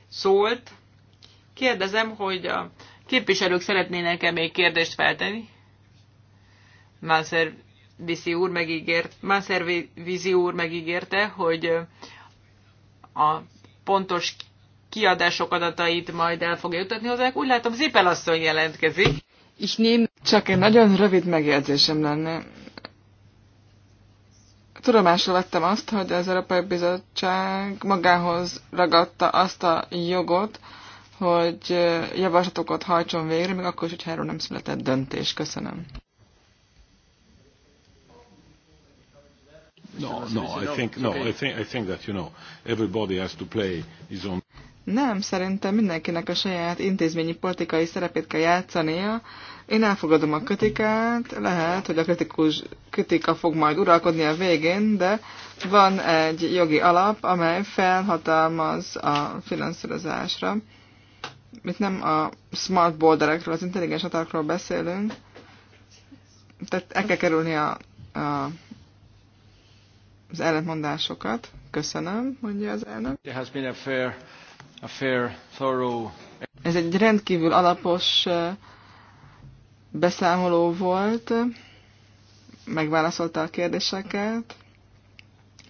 szólt. Kérdezem, hogy a képviselők szeretnének-e még kérdést feltenni? Mászer Viszi úr megígért, Mászer Vizi úr megígérte, hogy a pontos kiadások adatait majd el fogja jutatni hozzák. Úgy látom, Zipel asszony jelentkezik. és nehme... Csak egy nagyon rövid megjegyzésem lenne. Tudomásra vettem azt, hogy az Európai Bizottság magához ragadta azt a jogot, hogy javaslatokat hajtson végre, még akkor is, hogyha erről nem született döntés. Köszönöm. No, no, I think, no, I think, I think that, you know, everybody has to play his own... Nem, szerintem mindenkinek a saját intézményi politikai szerepét kell játszania, én elfogadom a kritikát, lehet, hogy a kritikus kritika fog majd uralkodni a végén, de van egy jogi alap, amely felhatalmaz a finanszírozásra. Itt nem a smart borderekről, az intelligens határokról beszélünk, tehát el kell kerülni a, a, az ellentmondásokat. Köszönöm, mondja az elnök. has been a fair, a fair, thorough... Ez egy rendkívül alapos uh, beszámoló volt, megválaszolta a kérdéseket,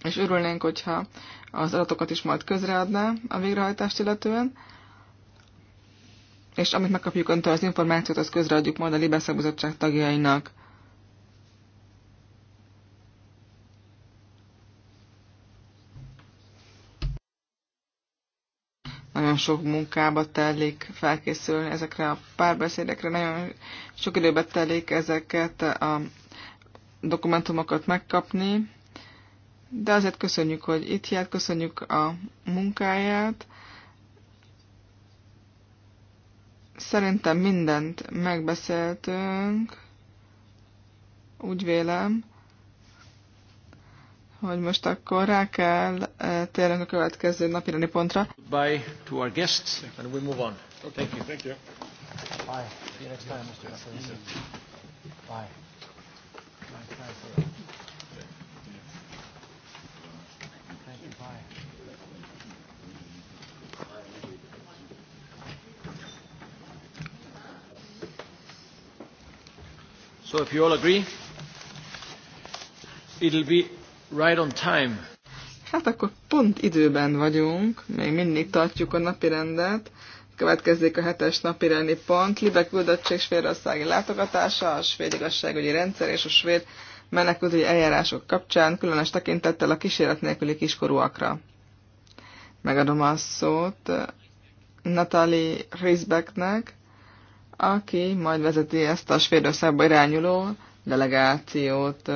és örülnénk, hogyha az adatokat is majd közreadná a végrehajtást illetően, és amit megkapjuk öntől az információt, az közreadjuk majd a Libeszak Bizottság tagjainak. nagyon sok munkába telik felkészülni ezekre a párbeszédekre, nagyon sok időbe telik ezeket a dokumentumokat megkapni, de azért köszönjük, hogy itt járt, köszönjük a munkáját. Szerintem mindent megbeszéltünk, úgy vélem, hogy most akkor rá kell eh, térnünk a következő napirani pontra. Bye to our guests, and we move on. Okay. Thank you. Thank you. Bye. See you next time, Mr. Bye. Bye. Bye. Bye. So if you all agree, it'll be Right on time. Hát akkor pont időben vagyunk, még mindig tartjuk a napi rendet. Következzék a hetes napi rendi pont, Libek küldöttség svédországi látogatása, a svéd igazságügyi rendszer és a svéd menekültügyi eljárások kapcsán, különös tekintettel a kísérlet nélküli kiskorúakra. Megadom a szót Natalie Risbecknek, aki majd vezeti ezt a Svédországba irányuló delegációt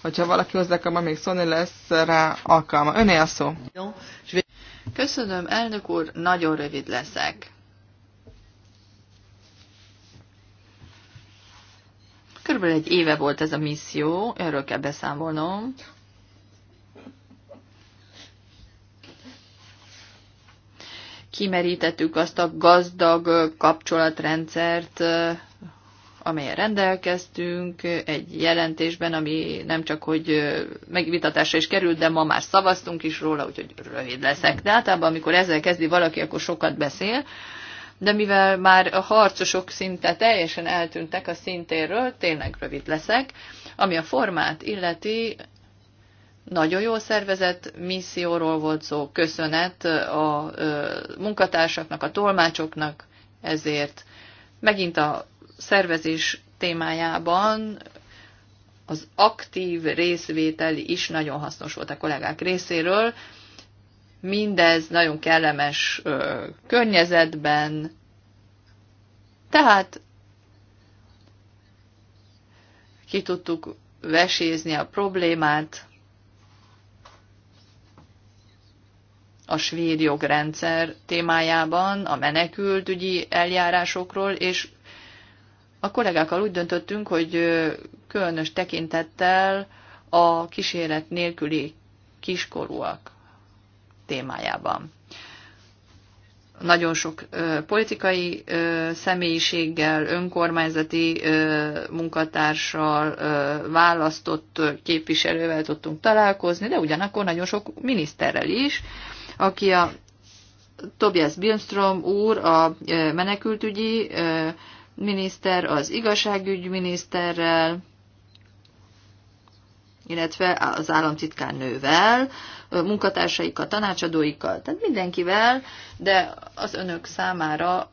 hogyha valaki hozzá akar, ma még szólni lesz rá alkalma. Öné a szó. Köszönöm, elnök úr, nagyon rövid leszek. Körülbelül egy éve volt ez a misszió, erről kell beszámolnom. Kimerítettük azt a gazdag kapcsolatrendszert, amelyen rendelkeztünk, egy jelentésben, ami nem csak, hogy megvitatásra is került, de ma már szavaztunk is róla, úgyhogy rövid leszek. De általában, amikor ezzel kezdi valaki, akkor sokat beszél, de mivel már a harcosok szinte teljesen eltűntek a szintéről tényleg rövid leszek. Ami a formát illeti, nagyon jó szervezett misszióról volt szó, köszönet a munkatársaknak, a tolmácsoknak ezért. Megint a szervezés témájában az aktív részvétel is nagyon hasznos volt a kollégák részéről. Mindez nagyon kellemes ö, környezetben. Tehát ki tudtuk vesézni a problémát. a svéd jogrendszer témájában, a menekültügyi eljárásokról, és a kollégákkal úgy döntöttünk, hogy különös tekintettel a kíséret nélküli kiskorúak témájában. Nagyon sok ö, politikai ö, személyiséggel, önkormányzati ö, munkatársal, ö, választott képviselővel tudtunk találkozni, de ugyanakkor nagyon sok miniszterrel is, aki a Tobias Bilmström úr, a menekültügyi miniszter az igazságügyminiszterrel, illetve az államtitkárnővel, munkatársaikkal, tanácsadóikkal, tehát mindenkivel, de az önök számára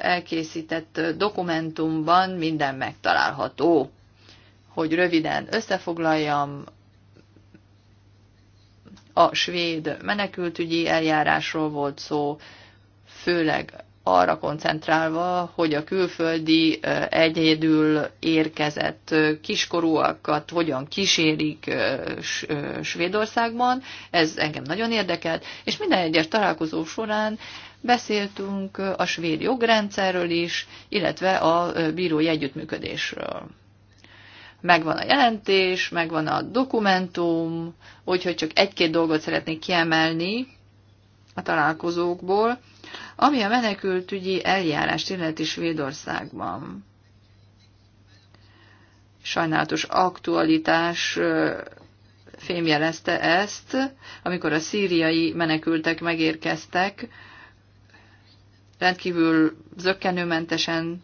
elkészített dokumentumban minden megtalálható. Hogy röviden összefoglaljam, a svéd menekültügyi eljárásról volt szó, főleg arra koncentrálva, hogy a külföldi egyedül érkezett kiskorúakat hogyan kísérik Svédországban, ez engem nagyon érdekelt, és minden egyes találkozó során beszéltünk a svéd jogrendszerről is, illetve a bírói együttműködésről. Megvan a jelentés, megvan a dokumentum, úgyhogy csak egy-két dolgot szeretnék kiemelni a találkozókból ami a menekültügyi eljárást illeti Svédországban, sajnálatos aktualitás fémjelezte ezt, amikor a szíriai menekültek megérkeztek, rendkívül zöggenőmentesen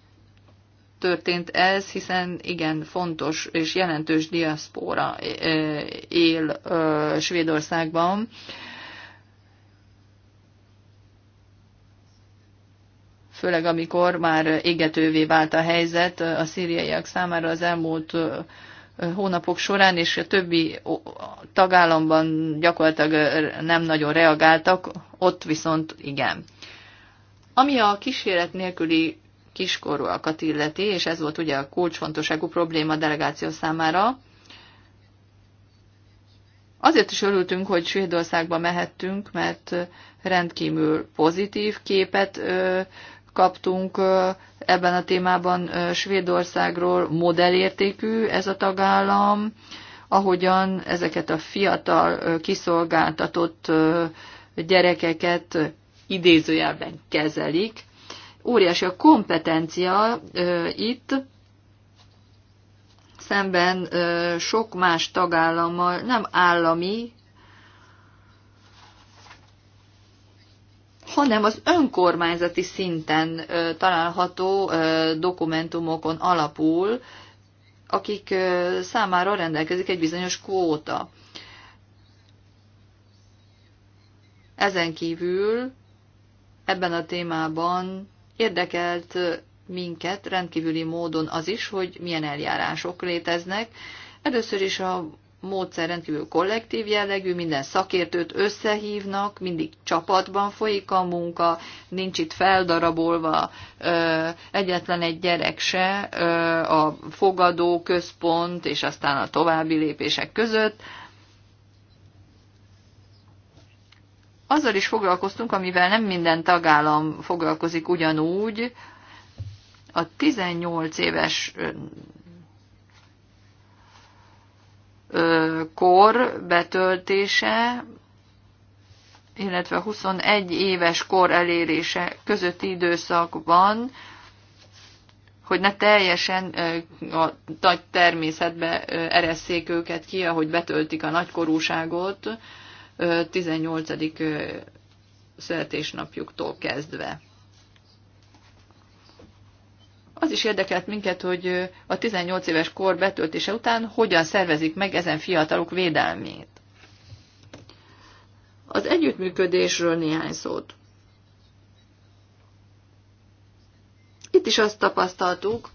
történt ez, hiszen igen, fontos és jelentős diaszpóra él Svédországban, főleg amikor már égetővé vált a helyzet a szíriaiak számára az elmúlt hónapok során, és a többi tagállamban gyakorlatilag nem nagyon reagáltak, ott viszont igen. Ami a kísérlet nélküli kiskorúakat illeti, és ez volt ugye a kulcsfontosságú probléma a delegáció számára, Azért is örültünk, hogy Svédországba mehettünk, mert rendkívül pozitív képet kaptunk ebben a témában Svédországról modellértékű ez a tagállam, ahogyan ezeket a fiatal kiszolgáltatott gyerekeket idézőjelben kezelik. Óriási a kompetencia itt, szemben sok más tagállammal nem állami, hanem az önkormányzati szinten található dokumentumokon alapul, akik számára rendelkezik egy bizonyos kvóta. Ezen kívül ebben a témában érdekelt minket rendkívüli módon az is, hogy milyen eljárások léteznek. Először is a módszer rendkívül kollektív jellegű, minden szakértőt összehívnak, mindig csapatban folyik a munka, nincs itt feldarabolva ö, egyetlen egy gyerek se ö, a fogadó központ és aztán a további lépések között. Azzal is foglalkoztunk, amivel nem minden tagállam foglalkozik ugyanúgy, a 18 éves kor betöltése, illetve 21 éves kor elérése közötti időszakban, hogy ne teljesen a nagy természetbe eresszék őket ki, ahogy betöltik a nagykorúságot 18. születésnapjuktól kezdve. Az is érdekelt minket, hogy a 18 éves kor betöltése után hogyan szervezik meg ezen fiatalok védelmét. Az együttműködésről néhány szót. Itt is azt tapasztaltuk,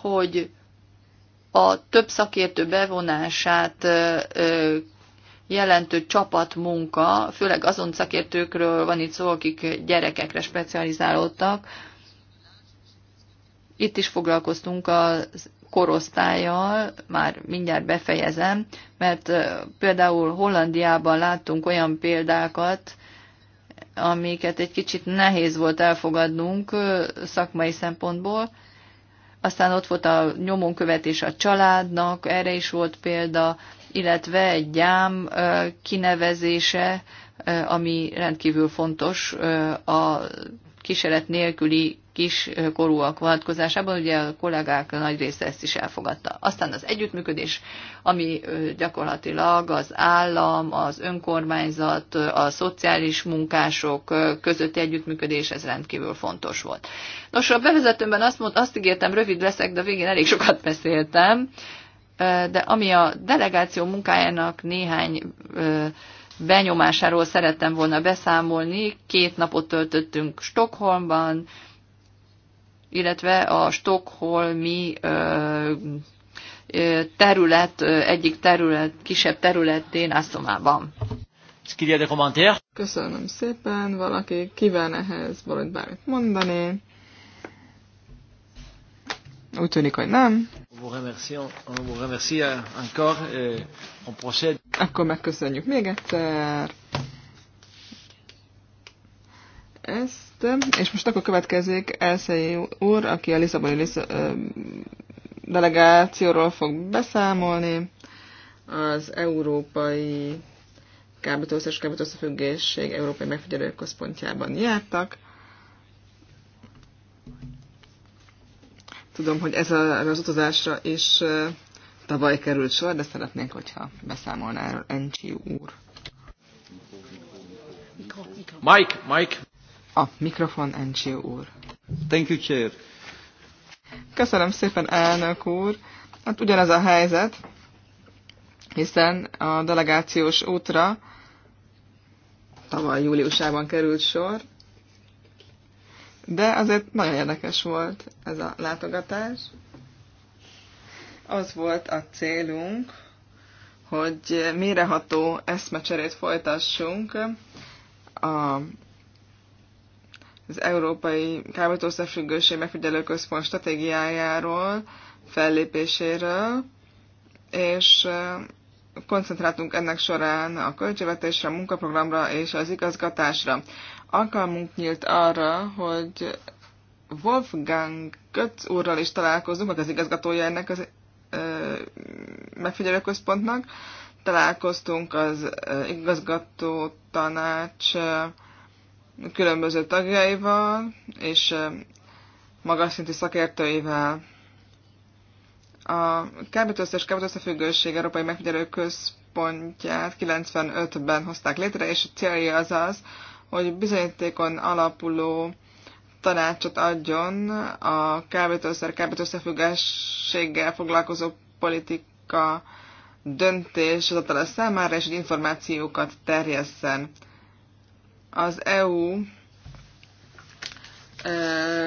hogy a több szakértő bevonását jelentő csapatmunka, főleg azon szakértőkről van itt szó, akik gyerekekre specializálódtak, itt is foglalkoztunk a korosztályjal, már mindjárt befejezem, mert például Hollandiában láttunk olyan példákat, amiket egy kicsit nehéz volt elfogadnunk szakmai szempontból. Aztán ott volt a nyomonkövetés a családnak, erre is volt példa, illetve egy gyám kinevezése, ami rendkívül fontos a kísérlet nélküli kiskorúak vonatkozásában, ugye a kollégák nagy része ezt is elfogadta. Aztán az együttműködés, ami gyakorlatilag az állam, az önkormányzat, a szociális munkások közötti együttműködés, ez rendkívül fontos volt. Nos, a bevezetőmben azt, mond, azt ígértem, rövid leszek, de a végén elég sokat beszéltem, de ami a delegáció munkájának néhány benyomásáról szerettem volna beszámolni. Két napot töltöttünk Stockholmban, illetve a stokholmi terület, egyik terület, kisebb területén Asszomában. Köszönöm szépen, valaki kíván ehhez valamit bármit mondani. Úgy tűnik, hogy nem. Akkor megköszönjük még egyszer ezt, és most akkor következik Elszei úr, aki a Lisszaboni Lissz delegációról fog beszámolni, az Európai Kábítószer és Kábítószerfüggésség Európai Megfigyelő Központjában jártak. Tudom, hogy ez az utazásra is tavaly került sor, de szeretnénk, hogyha beszámolná erről Encsi úr. Mike, Mike. A mikrofon Encsió úr. Thank you, Chair. Köszönöm szépen, elnök úr. Hát ugyanez a helyzet, hiszen a delegációs útra tavaly júliusában került sor, de azért nagyon érdekes volt ez a látogatás. Az volt a célunk, hogy méreható eszmecserét folytassunk a az Európai Kábítószerfüggőség Megfigyelő Központ stratégiájáról, fellépéséről, és koncentráltunk ennek során a költségvetésre, a munkaprogramra és az igazgatásra. Alkalmunk nyílt arra, hogy Wolfgang Götz úrral is találkozunk, aki az igazgatója ennek az megfigyelőközpontnak. Találkoztunk az igazgató tanács különböző tagjaival és magas szintű szakértőivel. A kábítószer és kábítószerfüggőség Európai Megfigyelő Központját 95-ben hozták létre, és a célja az az, hogy bizonyítékon alapuló tanácsot adjon a kábítószer, kábítószerfüggőséggel foglalkozó politika döntés az számára, és hogy információkat terjesszen az EU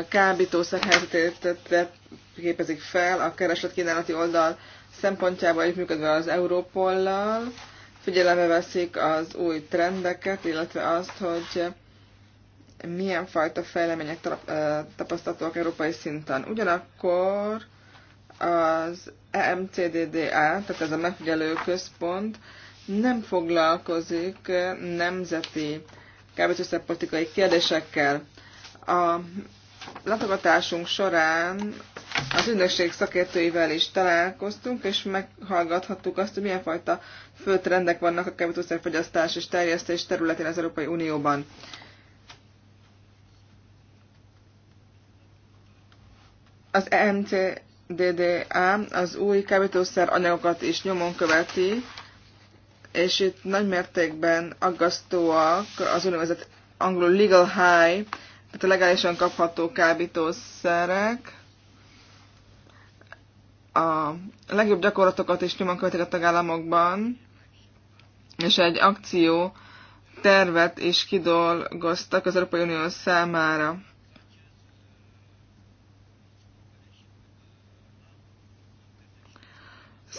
kábítószer helyzetét képezik fel a keresletkínálati oldal szempontjából működve az Európollal, figyelembe veszik az új trendeket, illetve azt, hogy milyen fajta fejlemények tapasztalatok európai szinten. Ugyanakkor az EMCDDA, tehát ez a megfigyelő központ, nem foglalkozik nemzeti politikai kérdésekkel. A látogatásunk során az ügynökség szakértőivel is találkoztunk, és meghallgathattuk azt, hogy milyen fajta főtrendek vannak a kábítószerfogyasztás és terjesztés területén az Európai Unióban. Az MCDDA az új kábítószer anyagokat is nyomon követi, és itt nagy mértékben aggasztóak az úgynevezett angolul legal high, tehát a legálisan kapható kábítószerek. A legjobb gyakorlatokat is nyomon követik a tagállamokban, és egy akció tervet is kidolgoztak az Európai Unió számára.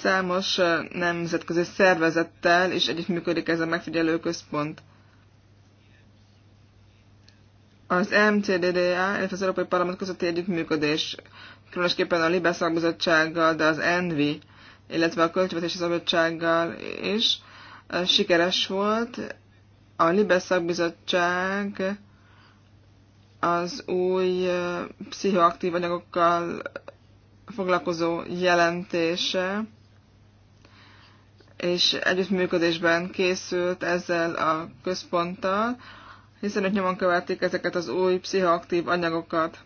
Számos nemzetközi szervezettel is együttműködik ez a megfigyelő központ. Az MCDDA, illetve az Európai Parlament közötti együttműködés, különösképpen a Libe szakbizottsággal, de az ENVI, illetve a Költségvetési Szabadsággal is sikeres volt. A Libe szakbizottság az új pszichoaktív anyagokkal foglalkozó jelentése és együttműködésben készült ezzel a központtal, hiszen ők nyomon követték ezeket az új pszichoaktív anyagokat.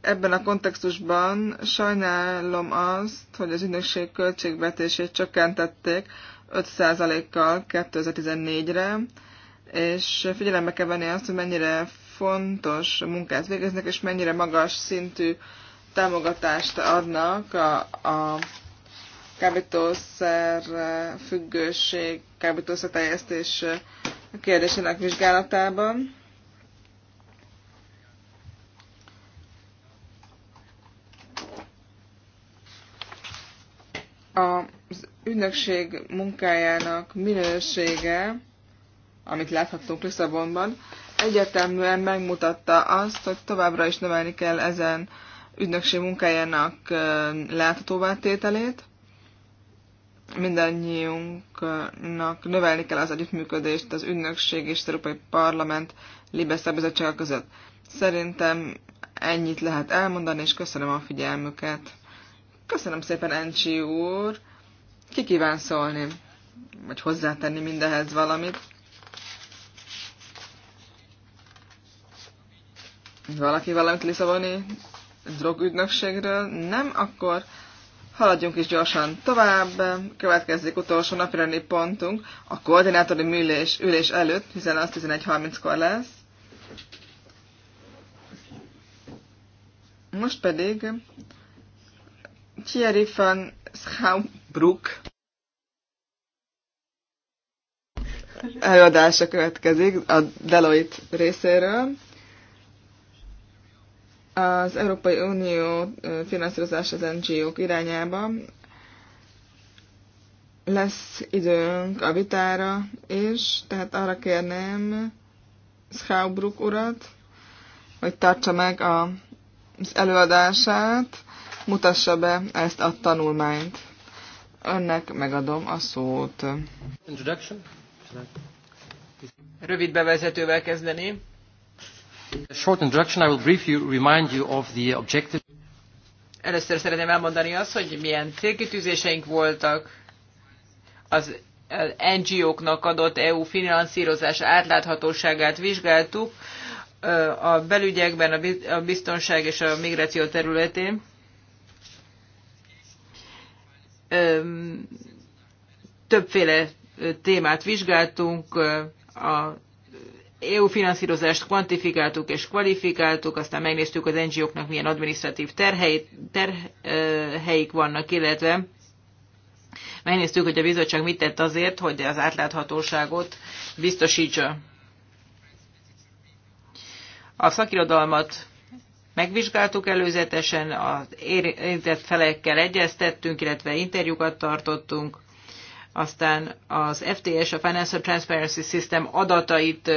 Ebben a kontextusban sajnálom azt, hogy az ügynökség költségvetését csökkentették 5%-kal 2014-re, és figyelembe kell venni azt, hogy mennyire fontos munkát végeznek, és mennyire magas szintű támogatást adnak a, a kábítószer eh, függőség, teljesztés eh, kérdésének vizsgálatában. Az ügynökség munkájának minősége, amit láthattunk Lisszabonban, egyeteműen megmutatta azt, hogy továbbra is növelni kell ezen ügynökség munkájának eh, láthatóvá tételét mindannyiunknak növelni kell az együttműködést az ügynökség és az Európai Parlament libeszabbizottsága között. Szerintem ennyit lehet elmondani, és köszönöm a figyelmüket. Köszönöm szépen, Encsi úr! Ki kíván szólni, vagy hozzátenni mindehez valamit? Valaki valamit Lisszaboni drogügynökségről? Nem, akkor Haladjunk is gyorsan tovább, következik utolsó napirendi pontunk a koordinátori ülés, ülés előtt, hiszen az 11.30-kor lesz. Most pedig Thierry van Schaumbruck előadása következik a Deloitte részéről az Európai Unió finanszírozás az NGO-k irányába. Lesz időnk a vitára, és tehát arra kérném Schaubruck urat, hogy tartsa meg a, az előadását, mutassa be ezt a tanulmányt. Önnek megadom a szót. Rövid bevezetővel kezdeném. Először szeretném elmondani azt, hogy milyen célkitűzéseink voltak, az NGO-knak adott EU finanszírozás átláthatóságát vizsgáltuk, a belügyekben, a biztonság és a migráció területén. Többféle témát vizsgáltunk, a EU finanszírozást kvantifikáltuk és kvalifikáltuk, aztán megnéztük az NGO-knak milyen adminisztratív terhelyik terheik vannak, illetve megnéztük, hogy a bizottság mit tett azért, hogy az átláthatóságot biztosítsa. A szakirodalmat megvizsgáltuk előzetesen, az érintett felekkel egyeztettünk, illetve interjúkat tartottunk, aztán az FTS, a Financial Transparency System adatait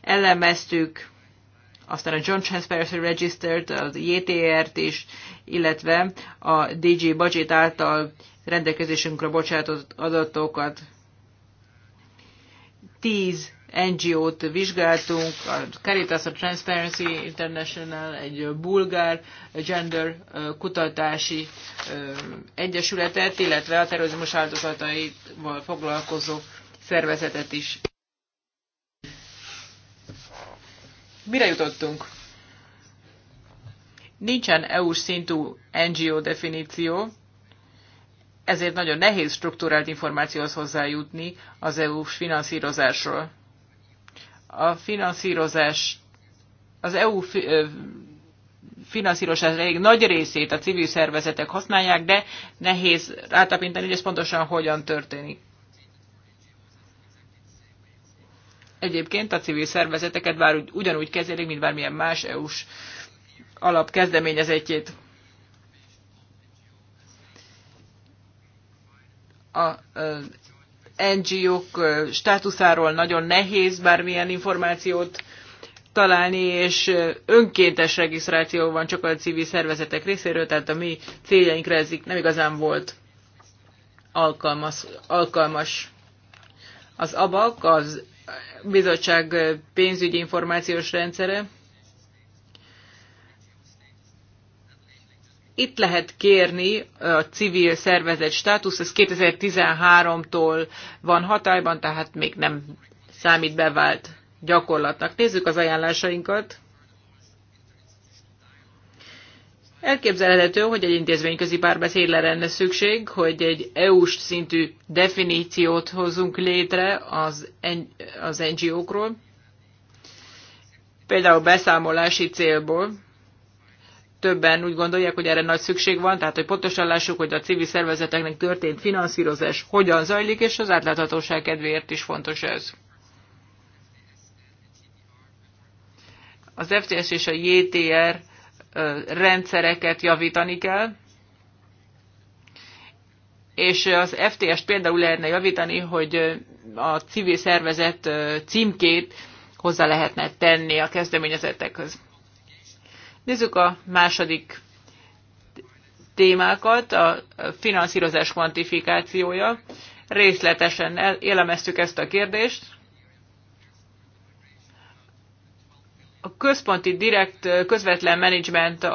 elemeztük, aztán a John Transparency Register-t, az JTR-t is, illetve a DG Budget által rendelkezésünkre bocsátott adatokat. Tíz NGO-t vizsgáltunk, a Caritas, a Transparency International, egy bulgár gender kutatási egyesületet, illetve a terrorizmus áldozataival foglalkozó szervezetet is. Mire jutottunk? Nincsen EU-s szintű NGO definíció, ezért nagyon nehéz struktúrált információhoz hozzájutni az EU-s finanszírozásról a finanszírozás, az EU finanszírozás elég nagy részét a civil szervezetek használják, de nehéz rátapintani, hogy ez pontosan hogyan történik. Egyébként a civil szervezeteket bár ugyanúgy kezelik, mint bármilyen más EU-s kezdeményezetjét. A, NGO-k státuszáról nagyon nehéz bármilyen információt találni, és önkéntes regisztráció van csak a civil szervezetek részéről, tehát a mi céljainkra ez nem igazán volt alkalmas. alkalmas. Az ABAK, az bizottság pénzügyi információs rendszere, Itt lehet kérni a civil szervezet státusz, ez 2013-tól van hatályban, tehát még nem számít bevált gyakorlatnak. Nézzük az ajánlásainkat. Elképzelhető, hogy egy intézményközi párbeszédre lenne szükség, hogy egy EU-s szintű definíciót hozunk létre az, az NGO-król, például beszámolási célból többen úgy gondolják, hogy erre nagy szükség van, tehát hogy pontosan lássuk, hogy a civil szervezeteknek történt finanszírozás hogyan zajlik, és az átláthatóság kedvéért is fontos ez. Az FCS és a JTR rendszereket javítani kell, és az fts például lehetne javítani, hogy a civil szervezet címkét hozzá lehetne tenni a kezdeményezetekhez. Nézzük a második témákat, a finanszírozás kvantifikációja. Részletesen élemeztük ezt a kérdést. A központi direkt közvetlen menedzsment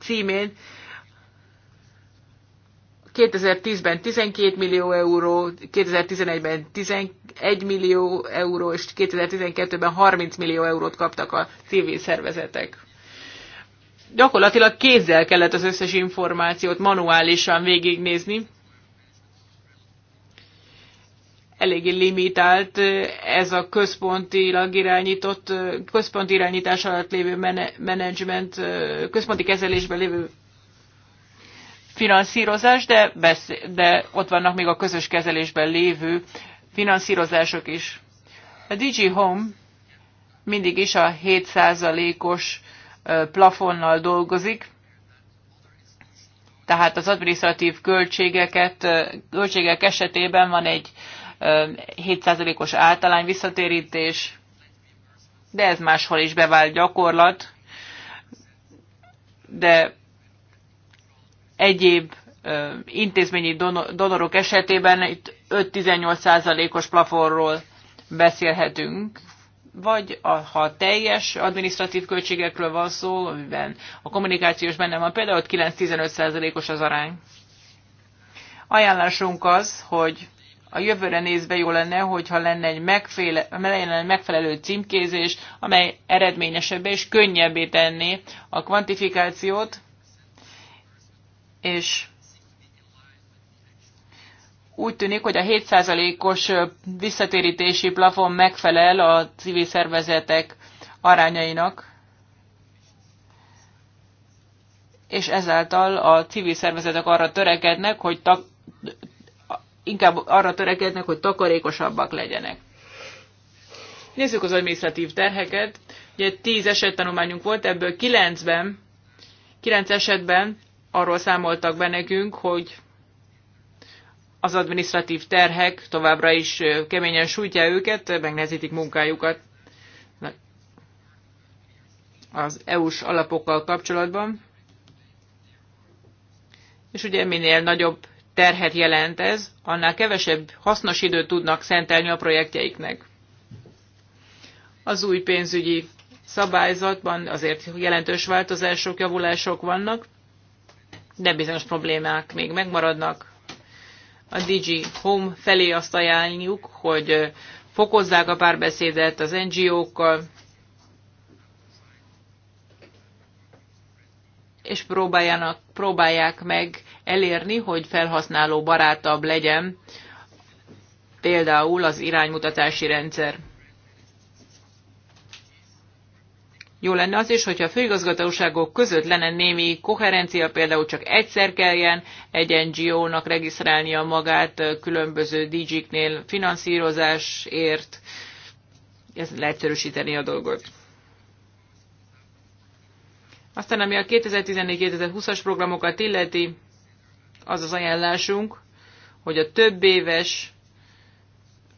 címén 2010-ben 12 millió euró, 2011-ben 11 millió euró, és 2012-ben 30 millió eurót kaptak a civil szervezetek. Gyakorlatilag kézzel kellett az összes információt manuálisan végignézni. Eléggé limitált ez a központilag irányított, központi irányítás alatt lévő menedzsment, központi kezelésben lévő finanszírozás, de, besz, de ott vannak még a közös kezelésben lévő finanszírozások is. A DG Home mindig is a 7%-os plafonnal dolgozik, tehát az administratív költségeket, költségek esetében van egy 7%-os általány visszatérítés, de ez máshol is bevált gyakorlat, de egyéb intézményi donorok esetében itt 5-18%-os plafonról beszélhetünk, vagy a, ha teljes adminisztratív költségekről van szó, amiben a kommunikációs benne van, például ott 9-15%-os az arány. Ajánlásunk az, hogy a jövőre nézve jó lenne, hogyha lenne egy, megféle, lenne egy megfelelő címkézés, amely eredményesebb és könnyebbé tenné a kvantifikációt, és úgy tűnik, hogy a 7%-os visszatérítési plafon megfelel a civil szervezetek arányainak, és ezáltal a civil szervezetek arra törekednek, hogy tak, inkább arra törekednek, hogy takarékosabbak legyenek. Nézzük az administratív terheket. Ugye 10 esettanulmányunk volt, ebből 9-ben, 9 esetben arról számoltak be nekünk, hogy az administratív terhek továbbra is keményen sújtja őket, megnehezítik munkájukat az EU-s alapokkal kapcsolatban. És ugye minél nagyobb terhet jelent ez, annál kevesebb hasznos időt tudnak szentelni a projektjeiknek. Az új pénzügyi szabályzatban azért jelentős változások, javulások vannak, de bizonyos problémák még megmaradnak. A DG Home felé azt ajánljuk, hogy fokozzák a párbeszédet az NGO-kkal, és próbáljanak, próbálják meg elérni, hogy felhasználó barátabb legyen például az iránymutatási rendszer. Jó lenne az is, hogyha a főigazgatóságok között lenne némi koherencia, például csak egyszer kelljen egy NGO-nak regisztrálnia magát különböző DG-knél finanszírozásért. Ez leegyszerűsíteni a dolgot. Aztán ami a 2014-2020-as programokat illeti, az az ajánlásunk, hogy a több éves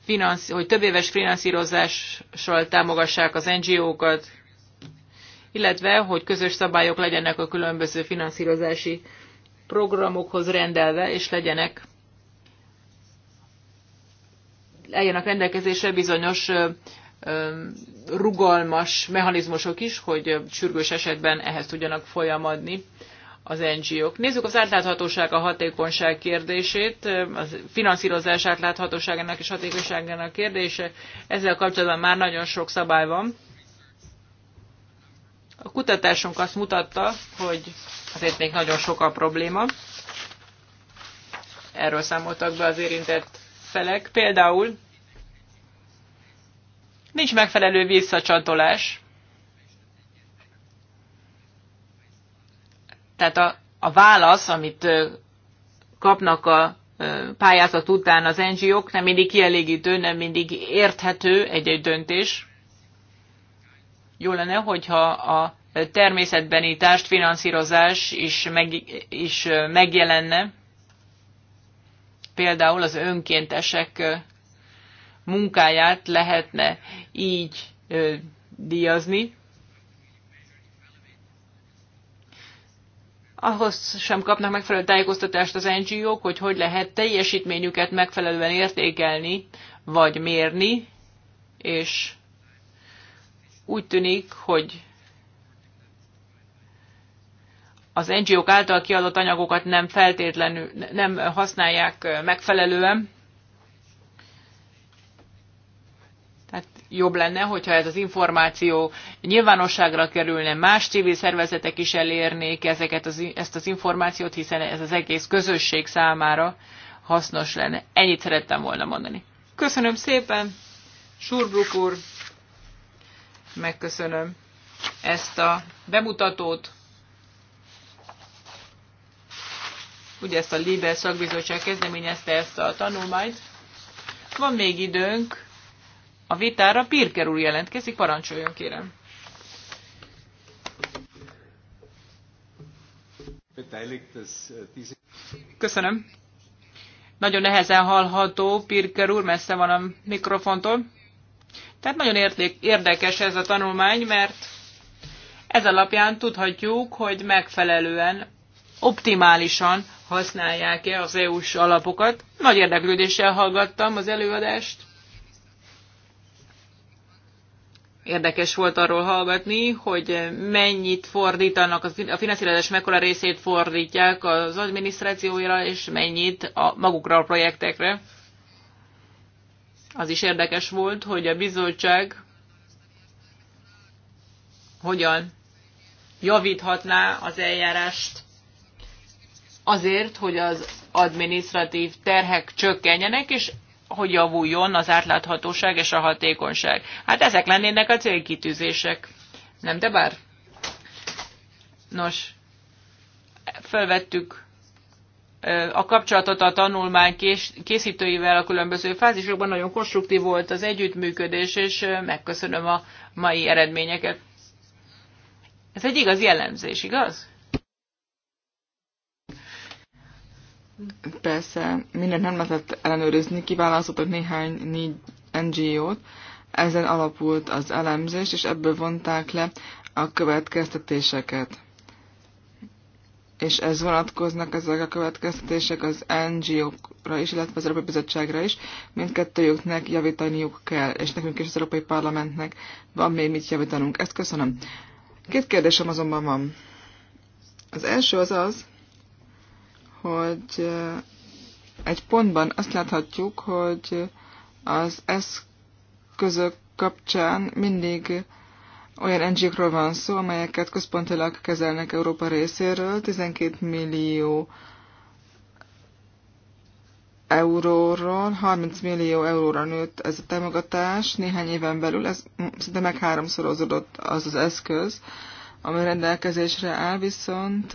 finansz, hogy több éves finanszírozással támogassák az NGO-kat, illetve hogy közös szabályok legyenek a különböző finanszírozási programokhoz rendelve, és legyenek álljanak rendelkezésre bizonyos rugalmas mechanizmusok is, hogy sürgős esetben ehhez tudjanak folyamadni az NGO-k. Nézzük az átláthatóság, a hatékonyság kérdését, a finanszírozás átláthatóságának és hatékonyságának kérdése. Ezzel kapcsolatban már nagyon sok szabály van. A kutatásunk azt mutatta, hogy azért még nagyon sok a probléma. Erről számoltak be az érintett felek. Például nincs megfelelő visszacsatolás. Tehát a, a válasz, amit kapnak a pályázat után az NGO-k, nem mindig kielégítő, nem mindig érthető egy-egy döntés jó lenne, hogyha a természetbeni társfinanszírozás is, meg, is megjelenne, például az önkéntesek munkáját lehetne így díjazni. Ahhoz sem kapnak megfelelő tájékoztatást az NGO-k, hogy hogy lehet teljesítményüket megfelelően értékelni vagy mérni, és úgy tűnik, hogy az NGO-k által kiadott anyagokat nem feltétlenül, nem használják megfelelően. Tehát jobb lenne, hogyha ez az információ nyilvánosságra kerülne, más civil szervezetek is elérnék ezeket az, ezt az információt, hiszen ez az egész közösség számára hasznos lenne. Ennyit szerettem volna mondani. Köszönöm szépen, Surbruk úr! megköszönöm ezt a bemutatót. Ugye ezt a Liber szakbizottság kezdeményezte ezt a tanulmányt. Van még időnk a vitára. Pirker úr jelentkezik, parancsoljon kérem. Köszönöm. Nagyon nehezen hallható, Pirker úr, messze van a mikrofontól. Tehát nagyon érdekes ez a tanulmány, mert ez alapján tudhatjuk, hogy megfelelően, optimálisan használják-e az EU-s alapokat. Nagy érdeklődéssel hallgattam az előadást. Érdekes volt arról hallgatni, hogy mennyit fordítanak, a finanszírozás mekkora részét fordítják az adminisztrációra, és mennyit a magukra a projektekre. Az is érdekes volt, hogy a bizottság hogyan javíthatná az eljárást azért, hogy az administratív terhek csökkenjenek, és hogy javuljon az átláthatóság és a hatékonyság. Hát ezek lennének a célkitűzések. Nem, de bár? Nos, felvettük a kapcsolatot a tanulmány készítőivel a különböző fázisokban. Nagyon konstruktív volt az együttműködés, és megköszönöm a mai eredményeket. Ez egy igaz jellemzés, igaz? Persze, mindent nem lehetett ellenőrizni, kiválasztottak néhány négy NGO-t, ezen alapult az elemzés, és ebből vonták le a következtetéseket és ez vonatkoznak ezek a következtetések az NGO-kra is, illetve az Európai Bizottságra is, mindkettőjüknek javítaniuk kell, és nekünk is az Európai Parlamentnek van még mit javítanunk. Ezt köszönöm. Két kérdésem azonban van. Az első az az, hogy eh, egy pontban azt láthatjuk, hogy az eszközök kapcsán mindig olyan NGO-król van szó, amelyeket központilag kezelnek Európa részéről, 12 millió euróról, 30 millió euróra nőtt ez a támogatás néhány éven belül, ez szinte meg háromszorozódott az az eszköz, ami rendelkezésre áll, viszont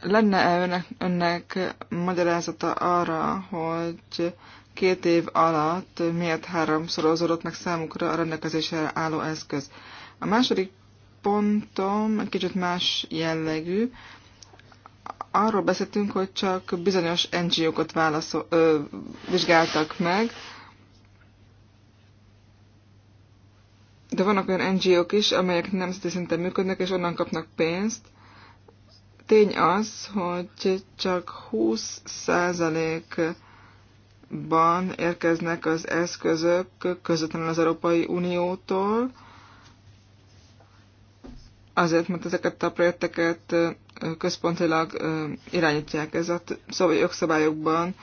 lenne -e önnek, önnek magyarázata arra, hogy két év alatt miért háromszorozódott meg számukra a rendelkezésre álló eszköz. A második pontom egy kicsit más jellegű. Arról beszéltünk, hogy csak bizonyos NGO-kat válaszol, ö, vizsgáltak meg, de vannak olyan NGO-k is, amelyek nemzeti szinten működnek, és onnan kapnak pénzt. Tény az, hogy csak 20% ban érkeznek az eszközök közvetlenül az Európai Uniótól, azért, mert ezeket a projekteket központilag irányítják. Ez a szóval jogszabályokban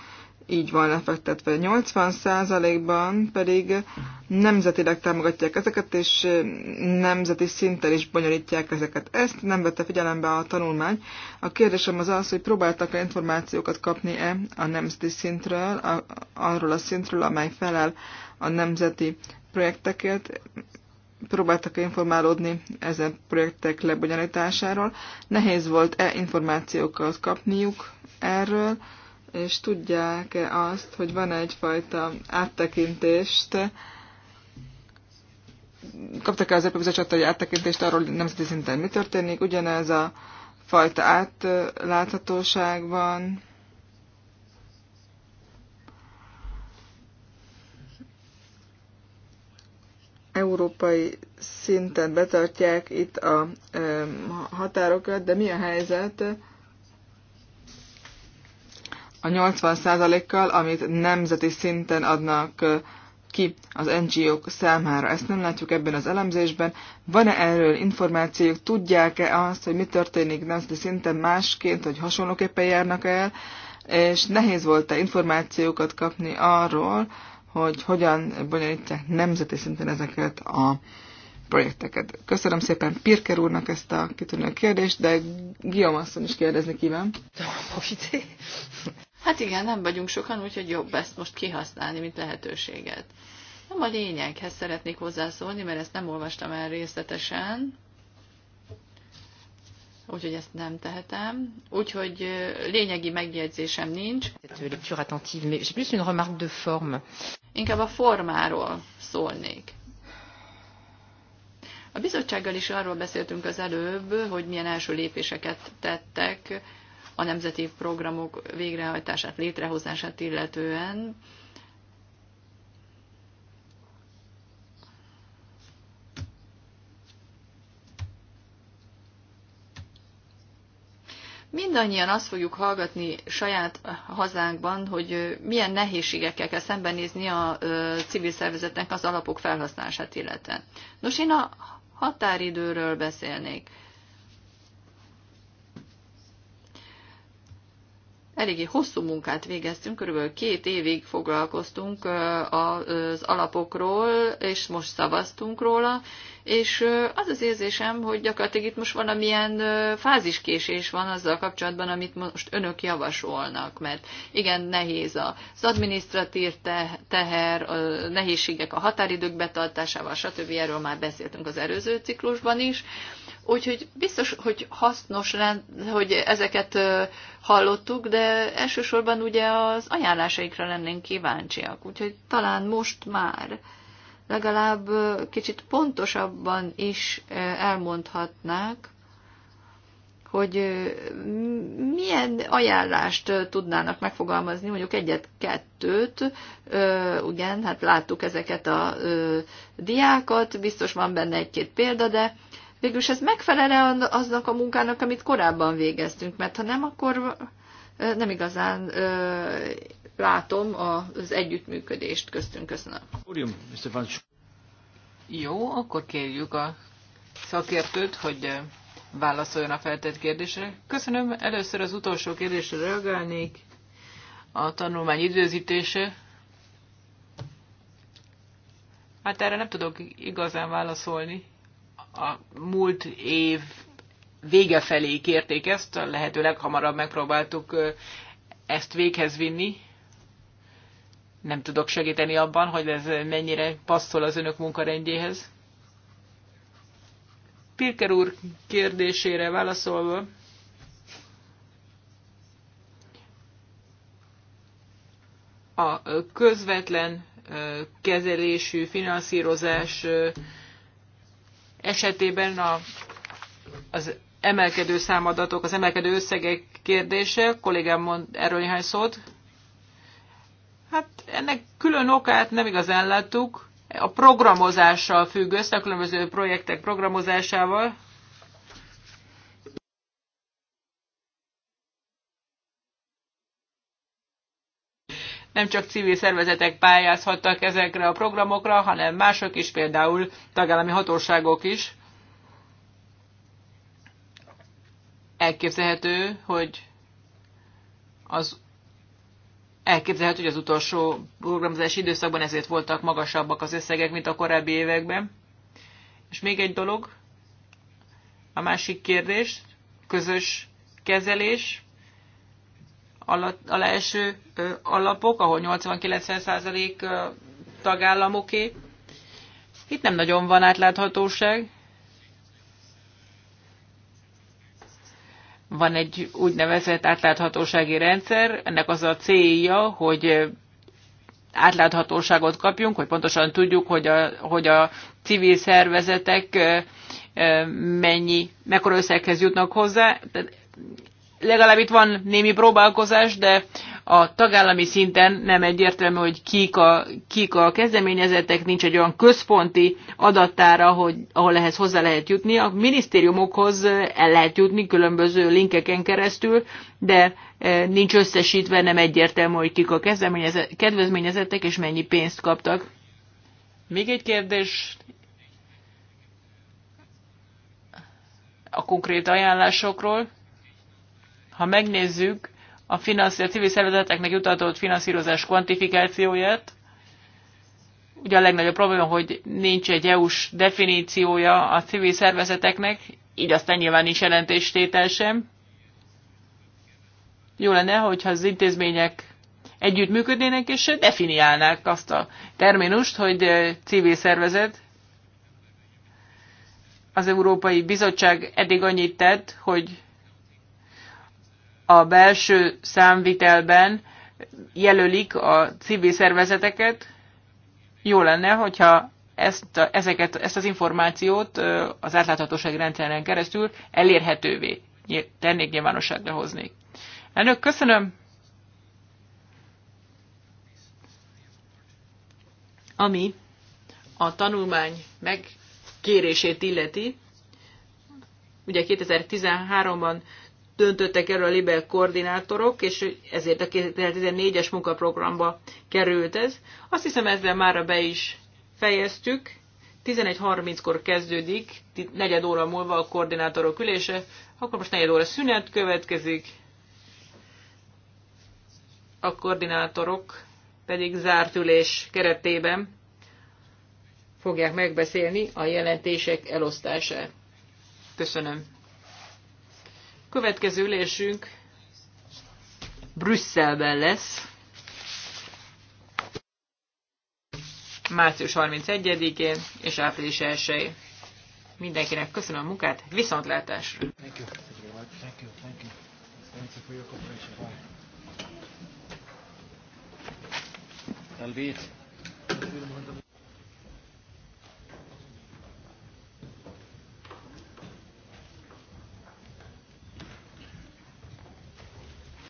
így van lefektetve. 80%-ban pedig nemzetileg támogatják ezeket, és nemzeti szinten is bonyolítják ezeket. Ezt nem vette figyelembe a tanulmány. A kérdésem az az, hogy próbáltak-e információkat kapni-e a nemzeti szintről, a, arról a szintről, amely felel a nemzeti projektekért, próbáltak -e informálódni ezen projektek lebonyolításáról. Nehéz volt-e információkat kapniuk erről, és tudják-e azt, hogy van egyfajta áttekintést, kaptak-e az Európai Bizottságtól egy áttekintést arról, hogy nemzeti szinten mi történik, ugyanez a fajta átláthatóság van, európai szinten betartják itt a határokat, de mi a helyzet a 80%-kal, amit nemzeti szinten adnak ki az NGO-k számára. Ezt nem látjuk ebben az elemzésben. Van-e erről információk? Tudják-e azt, hogy mi történik nemzeti szinten másként, hogy hasonlóképpen járnak el? És nehéz volt-e információkat kapni arról, hogy hogyan bonyolítják nemzeti szinten ezeket a projekteket. Köszönöm szépen Pirker úrnak ezt a kitűnő kérdést, de Guillaume asszony is kérdezni kíván. Hát igen, nem vagyunk sokan, úgyhogy jobb ezt most kihasználni, mint lehetőséget. Nem a lényeghez szeretnék hozzászólni, mert ezt nem olvastam el részletesen, úgyhogy ezt nem tehetem. Úgyhogy lényegi megjegyzésem nincs. remarque de forme. Inkább a formáról szólnék. A bizottsággal is arról beszéltünk az előbb, hogy milyen első lépéseket tettek a nemzeti programok végrehajtását, létrehozását illetően. mindannyian azt fogjuk hallgatni saját hazánkban, hogy milyen nehézségekkel kell szembenézni a civil szervezetnek az alapok felhasználását illetően. Nos, én a határidőről beszélnék. eléggé hosszú munkát végeztünk, körülbelül két évig foglalkoztunk az alapokról, és most szavaztunk róla, és az az érzésem, hogy gyakorlatilag itt most valamilyen fáziskésés van azzal kapcsolatban, amit most önök javasolnak, mert igen, nehéz az adminisztratív teher, a nehézségek a határidők betartásával, stb. Erről már beszéltünk az előző ciklusban is, Úgyhogy biztos, hogy hasznos, hogy ezeket hallottuk, de elsősorban ugye az ajánlásaikra lennénk kíváncsiak. Úgyhogy talán most már legalább kicsit pontosabban is elmondhatnák, hogy milyen ajánlást tudnának megfogalmazni, mondjuk egyet-kettőt, ugyan, hát láttuk ezeket a diákat, biztos van benne egy-két példa, de végülis ez megfelele aznak a munkának, amit korábban végeztünk, mert ha nem, akkor nem igazán látom az együttműködést köztünk. Köszönöm. Jó, akkor kérjük a szakértőt, hogy válaszoljon a feltett kérdésre. Köszönöm. Először az utolsó kérdésre reagálnék. A tanulmány időzítése. Hát erre nem tudok igazán válaszolni a múlt év vége felé kérték ezt, a lehető leghamarabb megpróbáltuk ezt véghez vinni. Nem tudok segíteni abban, hogy ez mennyire passzol az önök munkarendjéhez. Pirker úr kérdésére válaszolva, a közvetlen kezelésű finanszírozás esetében a, az emelkedő számadatok, az emelkedő összegek kérdése, a kollégám mond erről néhány szót. Hát ennek külön okát nem igazán láttuk. A programozással függ össze, a különböző projektek programozásával. nem csak civil szervezetek pályázhattak ezekre a programokra, hanem mások is, például tagállami hatóságok is. Elképzelhető, hogy az elképzelhető, hogy az utolsó programozási időszakban ezért voltak magasabbak az összegek, mint a korábbi években. És még egy dolog, a másik kérdés, közös kezelés, a leeső alapok, ahol 80-90% tagállamoké. Itt nem nagyon van átláthatóság. Van egy úgynevezett átláthatósági rendszer, ennek az a célja, hogy átláthatóságot kapjunk, hogy pontosan tudjuk, hogy a, hogy a civil szervezetek mennyi, mekkora összeghez jutnak hozzá legalább itt van némi próbálkozás, de a tagállami szinten nem egyértelmű, hogy kik a, kik a kezdeményezetek, nincs egy olyan központi adattára, hogy, ahol ehhez hozzá lehet jutni. A minisztériumokhoz eh, el lehet jutni különböző linkeken keresztül, de eh, nincs összesítve, nem egyértelmű, hogy kik a kedvezményezettek és mennyi pénzt kaptak. Még egy kérdés a konkrét ajánlásokról ha megnézzük a, finansz, a civil szervezeteknek jutatott finanszírozás kvantifikációját, ugye a legnagyobb probléma, hogy nincs egy EU-s definíciója a civil szervezeteknek, így aztán nyilván nincs jelentéstétel sem. Jó lenne, hogyha az intézmények együtt működnének és definiálnák azt a terminust, hogy eh, civil szervezet. Az Európai Bizottság eddig annyit tett, hogy a belső számvitelben jelölik a civil szervezeteket. Jó lenne, hogyha ezt, a, ezeket, ezt az információt az átláthatóság rendszeren keresztül elérhetővé tennék nyilvánosságra hozni. Elnök, köszönöm! Ami a tanulmány megkérését illeti, ugye 2013-ban döntöttek erről a Liber koordinátorok, és ezért a 2014-es munkaprogramba került ez. Azt hiszem ezzel már be is fejeztük. 11.30-kor kezdődik, negyed óra múlva a koordinátorok ülése, akkor most negyed óra szünet következik, a koordinátorok pedig zárt ülés keretében fogják megbeszélni a jelentések elosztását. Köszönöm. Következő ülésünk Brüsszelben lesz. Március 31-én és április 1-én. Mindenkinek köszönöm a munkát, viszontlátásra! Thank